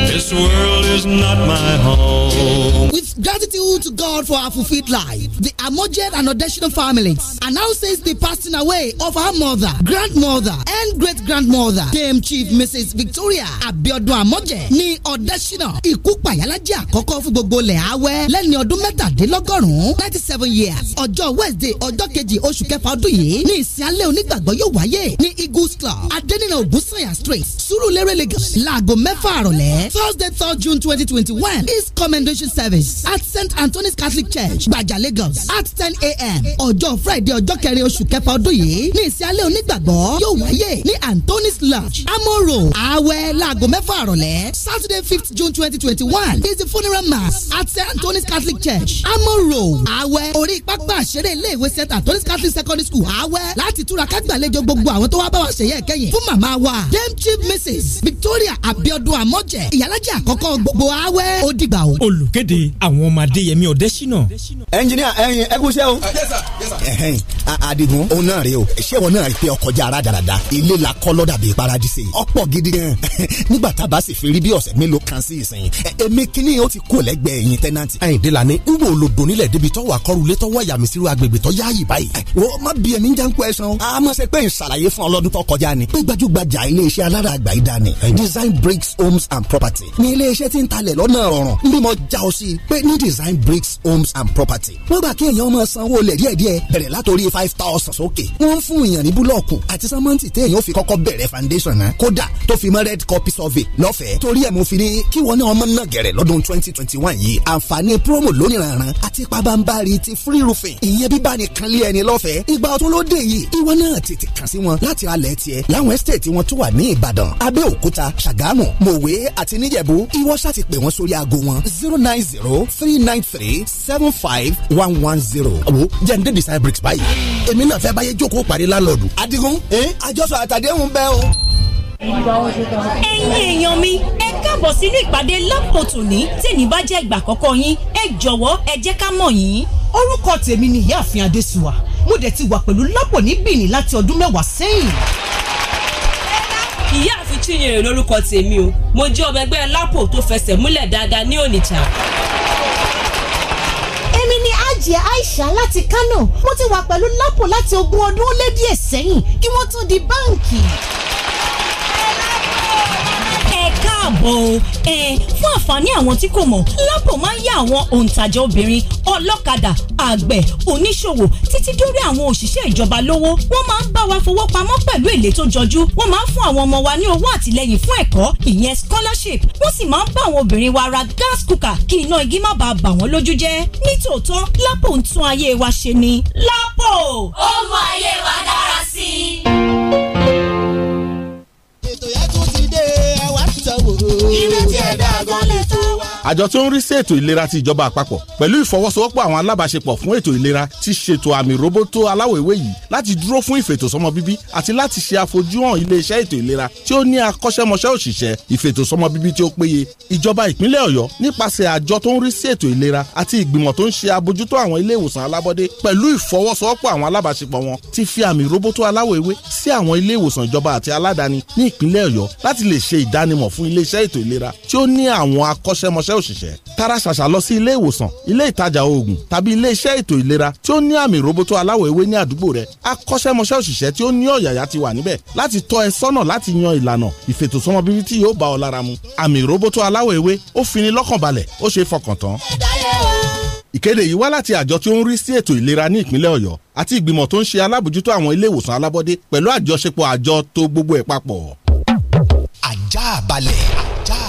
This world is not my home. With gratitude to God for our fulfilled life, the Amojed and Odeshino families announces the passing away of our mother, grandmother, and great grandmother, Dame Chief Mrs. Victoria Abiodun Amoje Ni Odeshino. Ìkú pàyálájẹ́ àkọ́kọ́ fún gbogbo ilẹ̀ awẹ́ lẹ́ni ọdún mẹ́tàdínlẹ́ mọ́kànlélọ́gọ́rùn-ún ninety seven years ọjọ́ wednesday ọjọ́ kejì oṣù kẹfà ọdún yìí ní ìsìn alẹ́ onígbàgbọ́ yóò wáyé ní eagles club adẹ́nìnà ògúnsànyà street surulere lagos láago mẹ́fà àrọ̀lẹ́ thursday third june twenty twenty one is commendation service at st anthony's catholic church gbajà lagos at ten a.m. ọjọ́ friday ọjọ́ kẹrin oṣù kẹfà ọdún yìí ní ìsìn alẹ́ onígbàgbọ́ yóò wáyé ní anthony's lodge amoro awẹ láago mẹ́fà àrọ̀lẹ́ saturday fifth june twenty twenty one is the funeral mass at st anthony's catholic church amọ̀ road awẹ́ orí pápá àṣẹrẹ ilé ìwé center catholic catholic secondary school awẹ́ láti túra kágbàlejò gbogbo àwọn tó wá bá wa ṣèyẹ ẹ̀kẹ́yìn fún màmá wa dame chief mrs victoria abiodun amọ̀jẹ̀ ìyálàjẹ́ àkọ́kọ́ gbogbo awẹ́ ó dìgbà o. olùkéde àwọn ọmọ adéyẹmí ọ̀dẹ́sínà. ẹnjiníà ẹyin ẹ kúṣẹ́ o. adigun òun náà rè o ṣé wọn náà pe ọkọ̀ já ara dáradá ilé la kọ́ lọ́dàbí paradise ọ̀pọ̀ gidi gan nígbà tá a bá sì fi rí bí ọ̀sẹ̀ mélòó kan sí ìsìn èmi kíní ó ti kú lẹ́gbẹ̀ẹ́ yín tẹ́nanti. àyìndé la ní wò lòdò nílẹ̀ débi tọ́wọ́ akọ́rùlé tọ́wọ́ àyàmísírù agbègbè tọ́ yá yìí báyìí. wọ́n má bí ẹni jẹ́ ń kó ẹ̀sán a máa ṣe pé n ṣàlàyé fún ọlọ́dún tó kọjá ni. pé gbajúgbajà iléeṣẹ́ alára àgbà yìí dání. design bricks homes and property. ní iléeṣẹ́ tí ń talẹ̀ lọ́nà ọ̀ràn ń bímọ já o sí pé ní design bricks homes and property. wọ́n gbà kí èèyàn máa sanwó lẹ̀ díẹ̀díẹ̀ bẹ̀rẹ̀ látòrí kan àti pabambari ti free roofing ìyẹn bíbá ni kan lé ẹni lọ́fẹ̀ẹ́ ìgbà ọ̀tun ló dé yìí ìwọ náà tètè kàn sí wọn láti alẹ̀ tiẹ̀ láwọn estate wọn tó wà ní ìbàdàn abẹ́òkúta ṣàgámù mòwe àti níjẹ̀bú ìwọ ṣáà pè wọ́n sórí aago wọn zero nine zero three nine three seven five one one zero. àwo jẹ́ndé design bricks báyìí èmi náà fẹ́ báyé jókòó pàdé lálọ́ọ̀dù. adigun eh? àjọsọ àtàdéhùn bẹ́ẹ̀ o. ẹ̀yin èèyàn mi káàbọ̀ sínú ìpàdé lápò tòní tẹ́ni bá jẹ́ ìgbà àkọ́kọ́ yín ẹ jọ̀wọ́ ẹ jẹ́ ká mọ̀ yín. orúkọ tèmi ni ìyáàfin adésùwà mo dẹ̀ ti wà pẹ̀lú lápò ní bìíní láti ọdún mẹ́wàá sẹ́yìn. ìyáàfin chinyere lórúkọ tèmi o mo jẹ́ ọmọ ẹgbẹ́ lápò tó fẹsẹ̀ múlẹ̀ dáadáa ní onitsha ìjì Aisha láti Kano mo ti wà pẹ̀lú lápò láti ogún ọdún ó lé díẹ̀ sẹ́yìn kí wọ́n tó di báǹkì káàbọ̀ o ẹ fún àǹfààní àwọn tí kò mọ̀ lápò máa ń yá àwọn òǹtajà obìnrin ọlọ́kadà àgbẹ̀ oníṣòwò títí dórí àwọn òṣìṣẹ́ ìjọba lówó wọ́n máa ń bá wa fowó pamọ́ pẹ̀lú èlé tó jọjú wọ́n máa ń fún àwọn ọmọ wa ní owó àtìlẹyìn fún ẹ̀kọ́ ìyẹn scholarship wọ́n sì máa ń bá àwọn obìnrin wa ra gas cooker kí iná igi má bàa bà wọ́n lójú jẹ́ nítòótọ́ lápò ń tún ayé wa ṣe ni lápò ó mú ayé wa dára sí i. Ilé tí ẹ dá gan lè àjọ tí ó ń rí sí ètò ìlera ti ìjọba àpapọ̀ pẹ̀lú ìfọwọ́sowọ́pọ̀ àwọn alábàáṣepọ̀ fún ètò ìlera ti ṣètò àmì roboto aláwọ̀ ewé yìí láti dúró fún ìfètòsọ́mọ bíbí àti láti ṣe àfojúhàn iléeṣẹ́ ètò ìlera tí ó ní akọ́ṣẹ́mọṣẹ́ òṣìṣẹ́ ìfètòsọ́mọ bíbí tí ó péye ìjọba ìpínlẹ̀ ọ̀yọ́ nípasẹ̀ àjọ tó ń rí sí ètò ìlera àti ìgbìmọ̀ tó ń ṣe àbójútó àwọn ilé ìwòsàn alábọ́dé pẹ̀lú ìfọwọ́sowọ́pọ̀ àwọn alábàáṣepọ̀ wọn ti fi àmì roboto aláwọ̀ ewé sí àwọn ilé ìwòsàn ìjọba àti aládàáni ní ìpínlẹ̀ ọ̀yọ́ láti lè ṣe ìdánimọ̀ fún iléeṣẹ́ akọ́ṣẹ́mọṣẹ́ òṣìṣẹ́ tara ṣàṣà lọ sí ilé ìwòsàn ilé ìtajà oògùn tàbí ilé iṣẹ́ ètò ìlera tí ó ní àmì roboto aláwọ̀ ewé ní àdúgbò rẹ akọ́ṣẹ́mọṣẹ́ òṣìṣẹ́ tí ó ní ọ̀yàyà ti wà níbẹ̀ láti tọ́ ẹ sọ́nà láti yan ìlànà ìfètòsọ́mọbíbí tí yóò bá ọ lára mu àmì roboto aláwọ̀ ewé ó fini lọ́kàn balẹ̀ ó ṣe fọkàn tán. ìkéde yìí wá láti àjọ tí ó ń rí sí ètò ìlera ní ìpínlẹ̀ Ọ̀yọ́ àti ìgbìmọ̀ tó ń ṣe alábòjútó àwọn ilé ìwòsàn alábọ́dé pẹ̀lú àjọṣepọ̀ àjọ tó gbogbo ẹ̀ papọ̀. àjà balẹ̀ àjà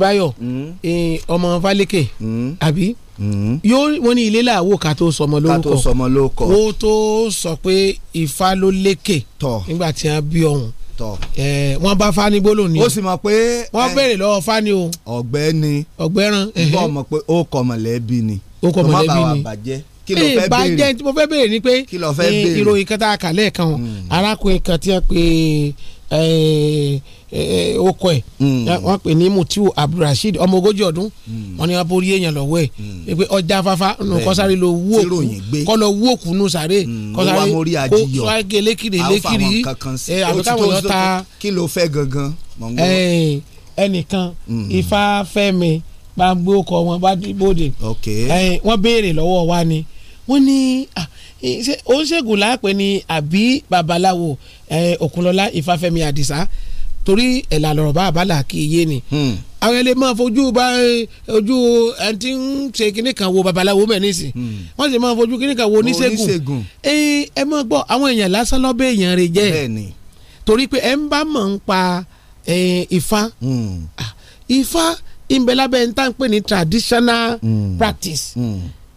báyọ̀ hmm. eh, ọmọ fálékè hmm. àbí hmm. yóò wọ́n ní ilé làwò ká tó sọmọ lórúkọ ká tó sọmọ lórúkọ ó tó sọ pé ifá ló lékè nígbà tí wọ́n bí ọ̀hún eh, wọ́n bá fani gbólò ni. ó sì mọ̀ pé. wọ́n eh, béèrè lọ́wọ́ fani o. ọ̀gbẹ́ni. ọ̀gbẹ́ran. bọ́ọ̀ mọ̀ pé ó kọ̀ mọ̀lẹ́bí ni. ó kọ̀ mọ̀lẹ́bí ni. kò má bàa wà bàjẹ́ kí ló eh, fẹ́ béèrè ìbàjẹ́ tí mo fẹ́ béèrè ni pé eh, ìròyìn kan tá a kà lẹ́ẹ̀kan hmm. arákùnrin kan tí wọ́n pe eh, ọkọ ẹ̀ hmm. wọ́n pè ní Mutiu Abdulrasheed ọmọ ogójì ọdún hmm. wọ́n ní wọ́n borí èèyàn lọ́wọ́ ẹ̀ pé ọjà afáfá kọ́sáré lọ wú òkú kọ́ lọ wú òkú nù sáré kọ́sáré kó sáré lékiri lékiri àwọn táwọn yọ ta kí ló fẹ́ gangan ẹnìkan Ifáfẹ́mi gbàgbé ọkọ wọn bá dìbòdè wọ́n béèrè lọ́wọ́ wa ni. Okay. Eh, wọ́n ní ah, eh, oníṣègùn láàpẹ́ ni àbí babaláwo òkunlọ́lá ìfàfẹ́mi àdìsá torí ẹ̀là lọ̀rọ̀ bá àbálà kì í yé ni. Hmm. àwọn ẹlẹ́mọ̀ fojú bá ojú ẹni tí ń ṣe kíní kan wo babaláwo mẹ́ nísìn hmm. wọ́n sì máa fojú kíní kan wo oníṣègùn ẹ mọ̀ gbọ́ àwọn èèyàn lásán lọ́bẹ̀ èèyàn rẹ̀ jẹ́ torí pé ẹ ń bá mọ̀ ń pa Ifá hmm. ah, Ifá ìbẹ̀lábẹ̀ ń tà ń pè ní traditional practice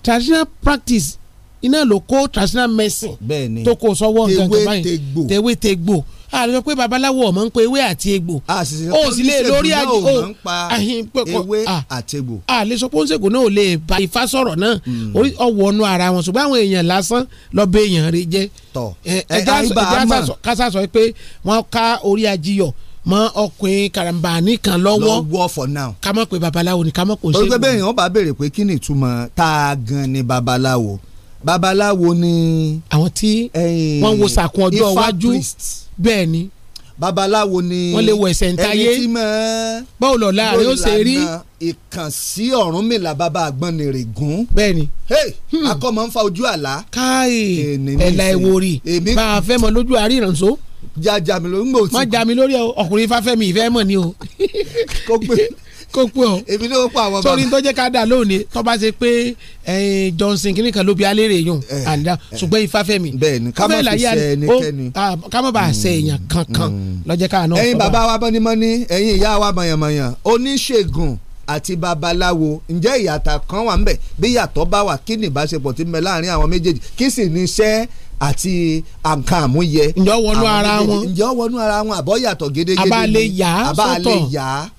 traditional practice iná ló kó traditional medicine tó kó sọ́wọ́ nǹkan kan báyìí tewé tegbò àlọ́ pé babaláwo ọ̀mọ́ ń pe ewé àti egbò ó sì lè lórí àjò ó àhìn pẹ̀kọ́ àlẹ́ sọ pé ó ń ṣègùn náà ò lè bá ifá sọ̀rọ̀ náà ọwọ́ hmm. ọ̀nù ara wọn ṣùgbọ́n àwọn èèyàn lásán lọ bẹ èèyàn rẹ jẹ́ ẹja kásásọ pé wọ́n ká orí ajiyọ̀ mọ ọkùnrin karambani kan lọ́wọ́ lọ́wọ́ for now ká mọ̀ pé babaláwo ni ká mọ̀ kò ṣe é. torí pé bẹ́ẹ̀ yẹn wọ́n bá béèrè pé kí ni ìtumọ̀ tá a gan ni babaláwo babaláwo ni. àwọn tí wọ́n wo sàkún ọjọ́ iwájú bẹ́ẹ̀ ni. babaláwo ni wọ́n lè wọ ẹsẹ̀ ntáyé ẹni tí mọ́. báwo lọ láàrin ó ṣe rí. ìkànsí Ọ̀rúnmìlà bàbá Àgbọnnìrègún. bẹ́ẹ̀ ni. Hmm. akọ́mọ ń fa ojú àlá. káì ẹ̀la I bá a fẹ́ mọ lójú àríyànso ja jami lórí ngbò tí. má jami lórí ọkùnrin fáfẹ́mi ìfẹ́ mọ̀ ni o. kó gbé kó pé ọ èmi ló pa àwọn bàbá torí tó jẹ́ ká dà lónìí tó bá ṣe pé Johnson kìnnì kan ló bi alẹ́ rẹ̀ yùn eh, eh. àdá ṣùgbọ́n Ifáfẹ́mi bẹ́ẹ̀ni ká má fi ṣe ẹnikẹ́ni ká má bàa ṣe èèyàn mm, kankan mm. lọ́jẹ́ ká náà. ẹ̀yin bàbá wa mọ́nímọ́ní ẹ̀yin ìyá wa mọ̀yànmọ̀yàn oníṣègùn àti babaláwo ǹjẹ́ ìyàtọ̀ kan wà ń bí ìyàtọ̀ bá wà kí ni ìbáṣepọ̀ ti ń bẹ láàrin àwọn méjèèjì kí sì ní iṣẹ́ àti nǹkan àmúyẹ. ǹjọ́ wọnú ara wọn ǹjọ́ wọnú ara wọn àbọ̀ yàtọ̀ gédégédé ni àbá lè yá sọ́tọ̀ àbá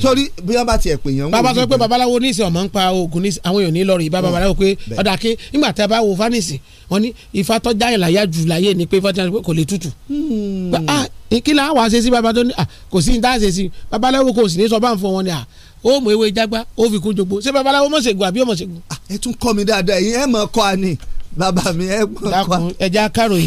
sọrí bí wọn bá tiẹ̀ pè yàn. bàbá sọ pé babaláwo ní ìsìn ọmọ ń pa oògùn ní àwọn èèyàn ní lọ́rọ̀ ìbá babaláwo pé ọ̀dà ké nígbà tá a bá wo fanisi wọn ní ifá tọ́já ìlàyà jù láyé ni pé fọ́tíyàn kò lè tutù. Hmm. Ah, kí la wàá ṣe sí bàbá tó ní ah, kò sí ní tá a ṣe sí babaláwo kò sì ní sọ bá ń fọ wọn ni ah, ó mọ ewé jágbá ó fi kún jogbo ṣé babaláwo mọ̀ ṣègùn àbí ọmọ ṣègùn. ẹ tún kọ́ mi dáadáa ẹ̀yin ẹ̀ mọ̀ kọ́ ni bàbá mi ẹ̀ mọ̀ kọ́. ẹja káròyìn